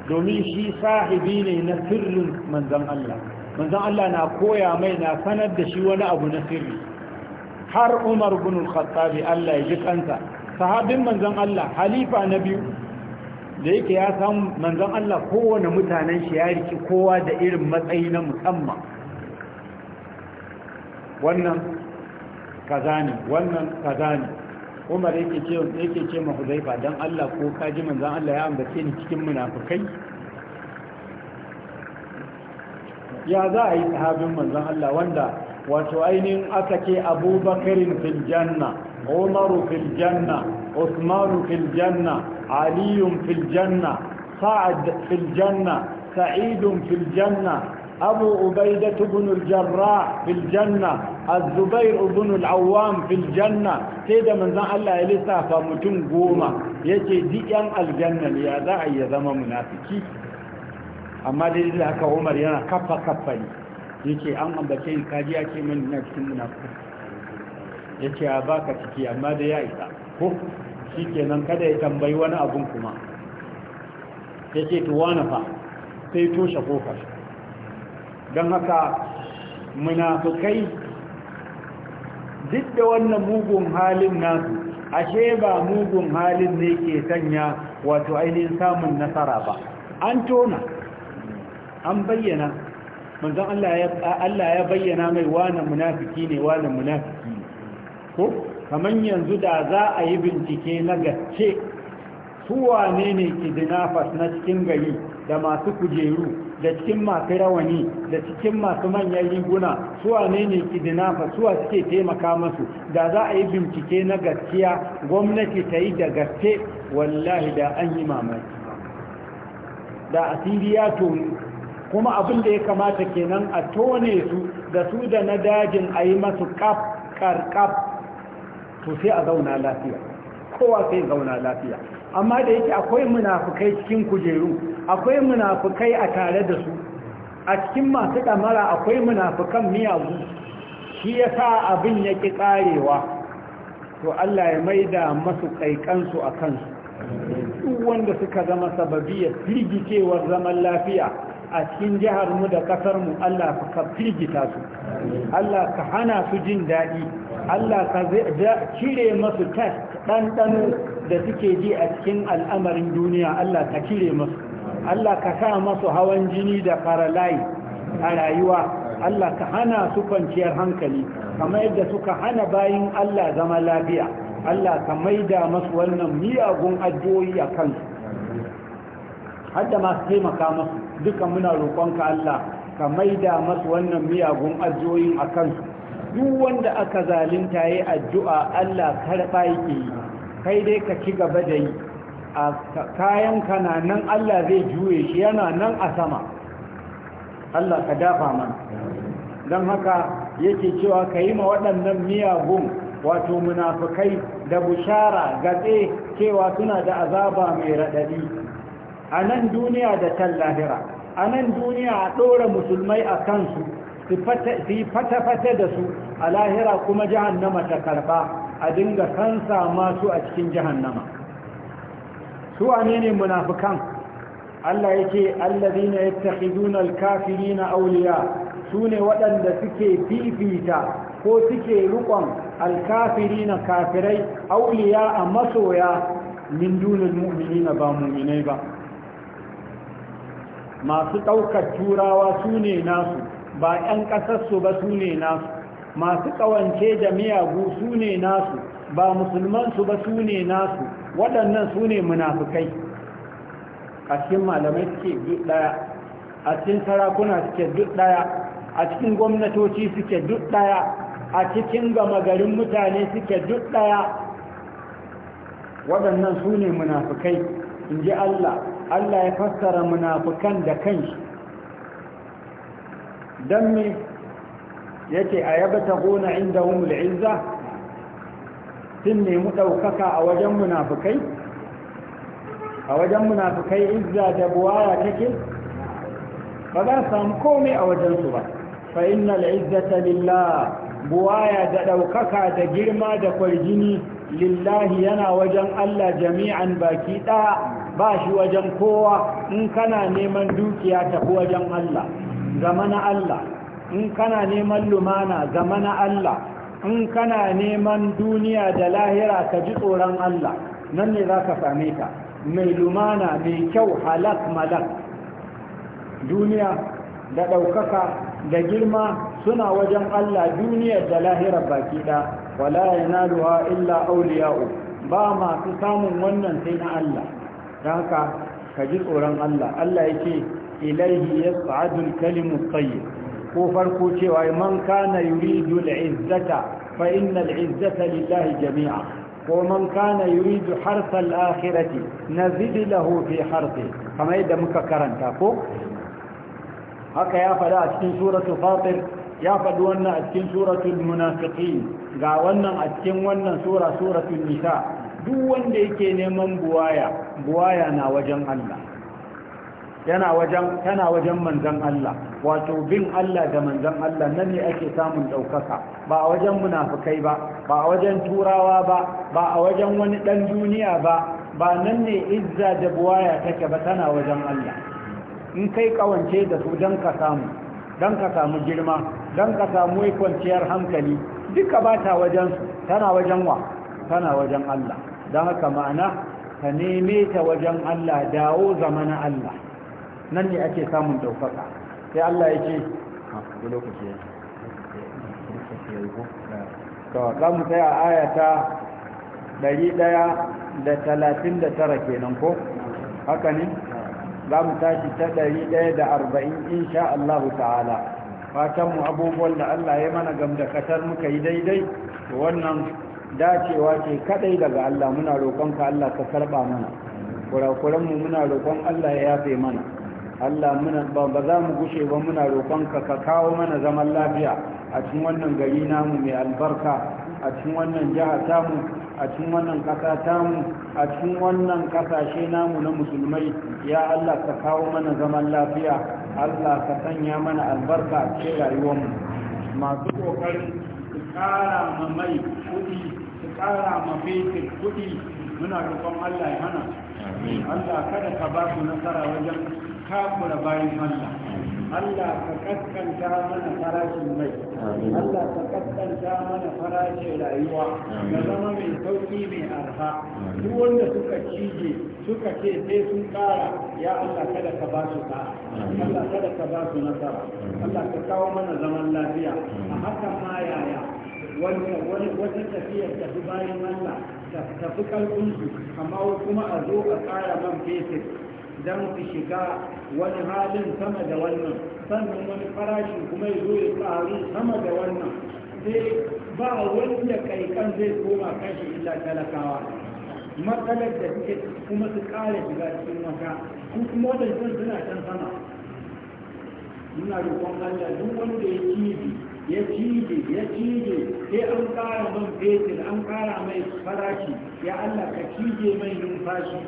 domin shi sahibi ne na sirrin manzon Allah manzon Allah na koya mai na sanar da shi wani abu na sirri har Umar ibn al-Khattab Allah ya ji kansa sahabin manzon Allah halifa na biyu da yake ya san manzon Allah kowane mutanen shi ya riki kowa da irin matsayi na musamman wannan kaza ne wannan kaza ne umar yake ce yake ce ma huzaifa dan Allah ko ka ji manzon Allah ya ambace ni cikin munafikai ya za a yi sahabin manzon Allah wanda wato ainihin aka ce abubakar fil janna umaru fil janna usmanu fil janna aliyun fil janna sa'ad fil janna sa'idun fil janna أبو أبيدة biljanna الجراح في الجنة الزبير بن العوام في Allah ya lissafa mutum goma إليسا فمتن قوما يتي ديئا الجنة ليادا أي ذا منافكي أما ذي الله كعمر ينا كفا كفاني yake an ambace ka ji ake min na cikin munafiki yake a baka ciki amma da ya isa ko shikenan kada ya tambayi wani abun kuma yake to wani fa sai toshe kofar don haka munafukai duk da wannan mugun halin nasu ashe ba mugun halin ne ke sanya wato ainihin samun nasara ba an tona an bayyana manzon Allah ya bayyana mai wani munafiki ne wani munafiki ne ko kamar yanzu da za a yi bincike na gaske su ne ne kidnappers na cikin gari da masu kujeru da cikin masu rawani da cikin masu manyan riguna suwa ne ne kidinafa suwa suke taimaka masu da za a yi bincike na gaskiya gwamnati ta yi da gaske wallahi da an yi mamaki da asiri ya toni kuma abin da ya kamata kenan a tone su da su da na dajin a yi masu kaf karkaf to sai a zauna lafiya kowa sai zauna lafiya amma da yake akwai munafukai cikin kujeru akwai munafukai a tare da su a cikin masu damara akwai munafukan miyagu shi ya sa abin ya ƙi ƙarewa to Allah ya maida masu ƙaiƙansu a kansu duk wanda suka zama sababi ya firgicewar zaman lafiya a cikin jiharmu da ƙasarmu Allah ka firgita su Allah ka hana su jin daɗi Allah ka cire masu tas ɗanɗano da suke ji a cikin al'amarin duniya Allah ka cire masu Allah ka sa masu hawan jini da faralai a rayuwa Allah ka hana su kwanciyar hankali kamar yadda suka hana bayin Allah zama lafiya Allah ka maida masu wannan miyagun addu'o'i a kansu hadda masu taimaka masu duka muna roƙonka Allah ka maida masu wannan miyagun addu'o'i a kansu duk wanda aka zalunta yayi addu'a Allah karba yake yi kai dai ka ci gaba da yi a kayan kana nan Allah zai juye shi yana nan a sama Allah ka dafa mana don haka yake cewa ka yi ma waɗannan miyagun wato munafukai da bushara gatse cewa suna da azaba mai raɗaɗi a nan duniya da tallahira a nan duniya a ɗora musulmai a kansu su yi fata-fata da su a lahira kuma jahannama ta karba a dinga sama su a cikin jahannama su wane ne munafikan Allah yake allazina yattakhiduna alkafirina awliya ne waɗanda suke fifita ko suke rukon na kafirai Auliya a masoya min mu'minina ba mu'minai ba masu ɗaukar turawa su ne nasu ba 'yan su ba su ne nasu masu ƙawance da miyagu su ne nasu ba musulmansu ba su ne nasu waɗannan su ne munafukai a cikin malamai suke duk ɗaya a cikin sarakuna suke duk ɗaya a cikin gwamnatoci suke duk ɗaya a cikin gama garin mutane suke duk ɗaya waɗannan su ne munafukai in ji Allah Allah ya fassara munafukan da kanshi don me yake a yaba ta gona inda humul izza sun nemi ɗaukaka a wajen munafukai a wajen munafukai izza da buwaya take ba za samu komai a wajensu ba fa innal izzata lillah buwaya da ɗaukaka da girma da kwarjini lillahi yana wajen Allah jami'an baki ɗaya ba shi wajen kowa in kana neman dukiya tafi wajen Allah zama na Allah in kana neman lumana zama na Allah in kana neman duniya da lahira ka ji tsoron Allah nan ne za ka same ta mai lumana mai kyau halak malak duniya da ɗaukaka da girma suna wajen Allah duniyar da lahirar baki ɗa, wala yanaluha illa auliya'u ba masu samun wannan sai na Allah don haka ka ji tsoron Allah Allah ya ce ilaihi ya tsa'adun kalimun tsaye ko farko cewa man kana yuridu al'izzata fa inna al'izzata lillahi jami'a ko man kana yuridu harsa al'akhirati nazidi lahu fi harsi kamar yadda muka karanta ko haka ya faɗa a cikin suratul fatir ya faɗi wannan a cikin suratul munafiqin ga wannan a cikin wannan sura suratul nisa duk wanda yake neman buwaya buwaya na wajen Allah yana wajen tana wajen manzon Allah wato bin Allah da manzon Allah nan ne ake samun daukaka ba a wajen munafikai ba ba a wajen turawa ba ba a wajen wani dan duniya ba ba nan ne izza da buwaya take ba tana wajen Allah in kai kawance da su dan ka samu dan ka samu girma dan ka samu kwanciyar hankali duka ba ta wajen tana wajen wa tana wajen Allah don haka ma'ana ka neme ta wajen Allah dawo zamana Allah nan ne ake samun daukaka sai Allah ya ce za mu tsaya ayata 139 kenan ko haka ne za mu tashi ta 140 insha Allah ta'ala fatanmu abubuwan da Allah ya mana gamdakatar muka yi daidai wannan dacewa ce kadai daga Allah muna roƙonka Allah ka karba mana kurakuran mu muna roƙon Allah ya yafe mana Allah muna ba za mu gushe ba muna roƙonka ka kawo mana zaman lafiya a cikin wannan gari namu mai albarka a cikin wannan jiha tamu a cikin wannan ƙasa tamu a cikin wannan ƙasashe namu na musulmai ya Allah ka kawo mana zaman lafiya Allah ka sanya mana albarka a cikin rayuwarmu masu ƙoƙarin su ƙara mai kuɗi kara ma fetur kuɗi muna roƙon Allah ya hana Allah kada ka ba su nasara wajen kafura bayan Allah Allah ka kaskanta mana farashin mai Allah ka kaskanta mana farashin rayuwa ka zama mai sauki mai arha duk wanda suka cije suka ce sai sun kara ya Allah kada ka ba su ka Allah kada ka ba su nasara Allah ka kawo mana zaman lafiya a hakan ma yaya wata tafiyar tafi bayan Allah tafi kalbinsu amma kuma a zo a ƙara man fetur don su shiga wani halin sama da wannan sannan wani farashi kuma ya zo ya ƙaru sama da wannan sai ba wanda kaikan zai koma kashi illa talakawa matsalar da suke kuma su kare shiga cikin wata su kuma wadancan suna can sama muna roƙon Allah duk wanda ya kibi ya cije ya cije sai an ƙara man fetur an ƙara mai farashi ya Allah ka cije mai numfashi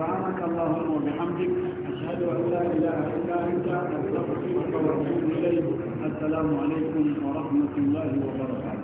سبحانك اللهم وبحمدك أشهد أن لا إله إلا أنت أستغفرك وأتوب إليك السلام عليكم ورحمة الله وبركاته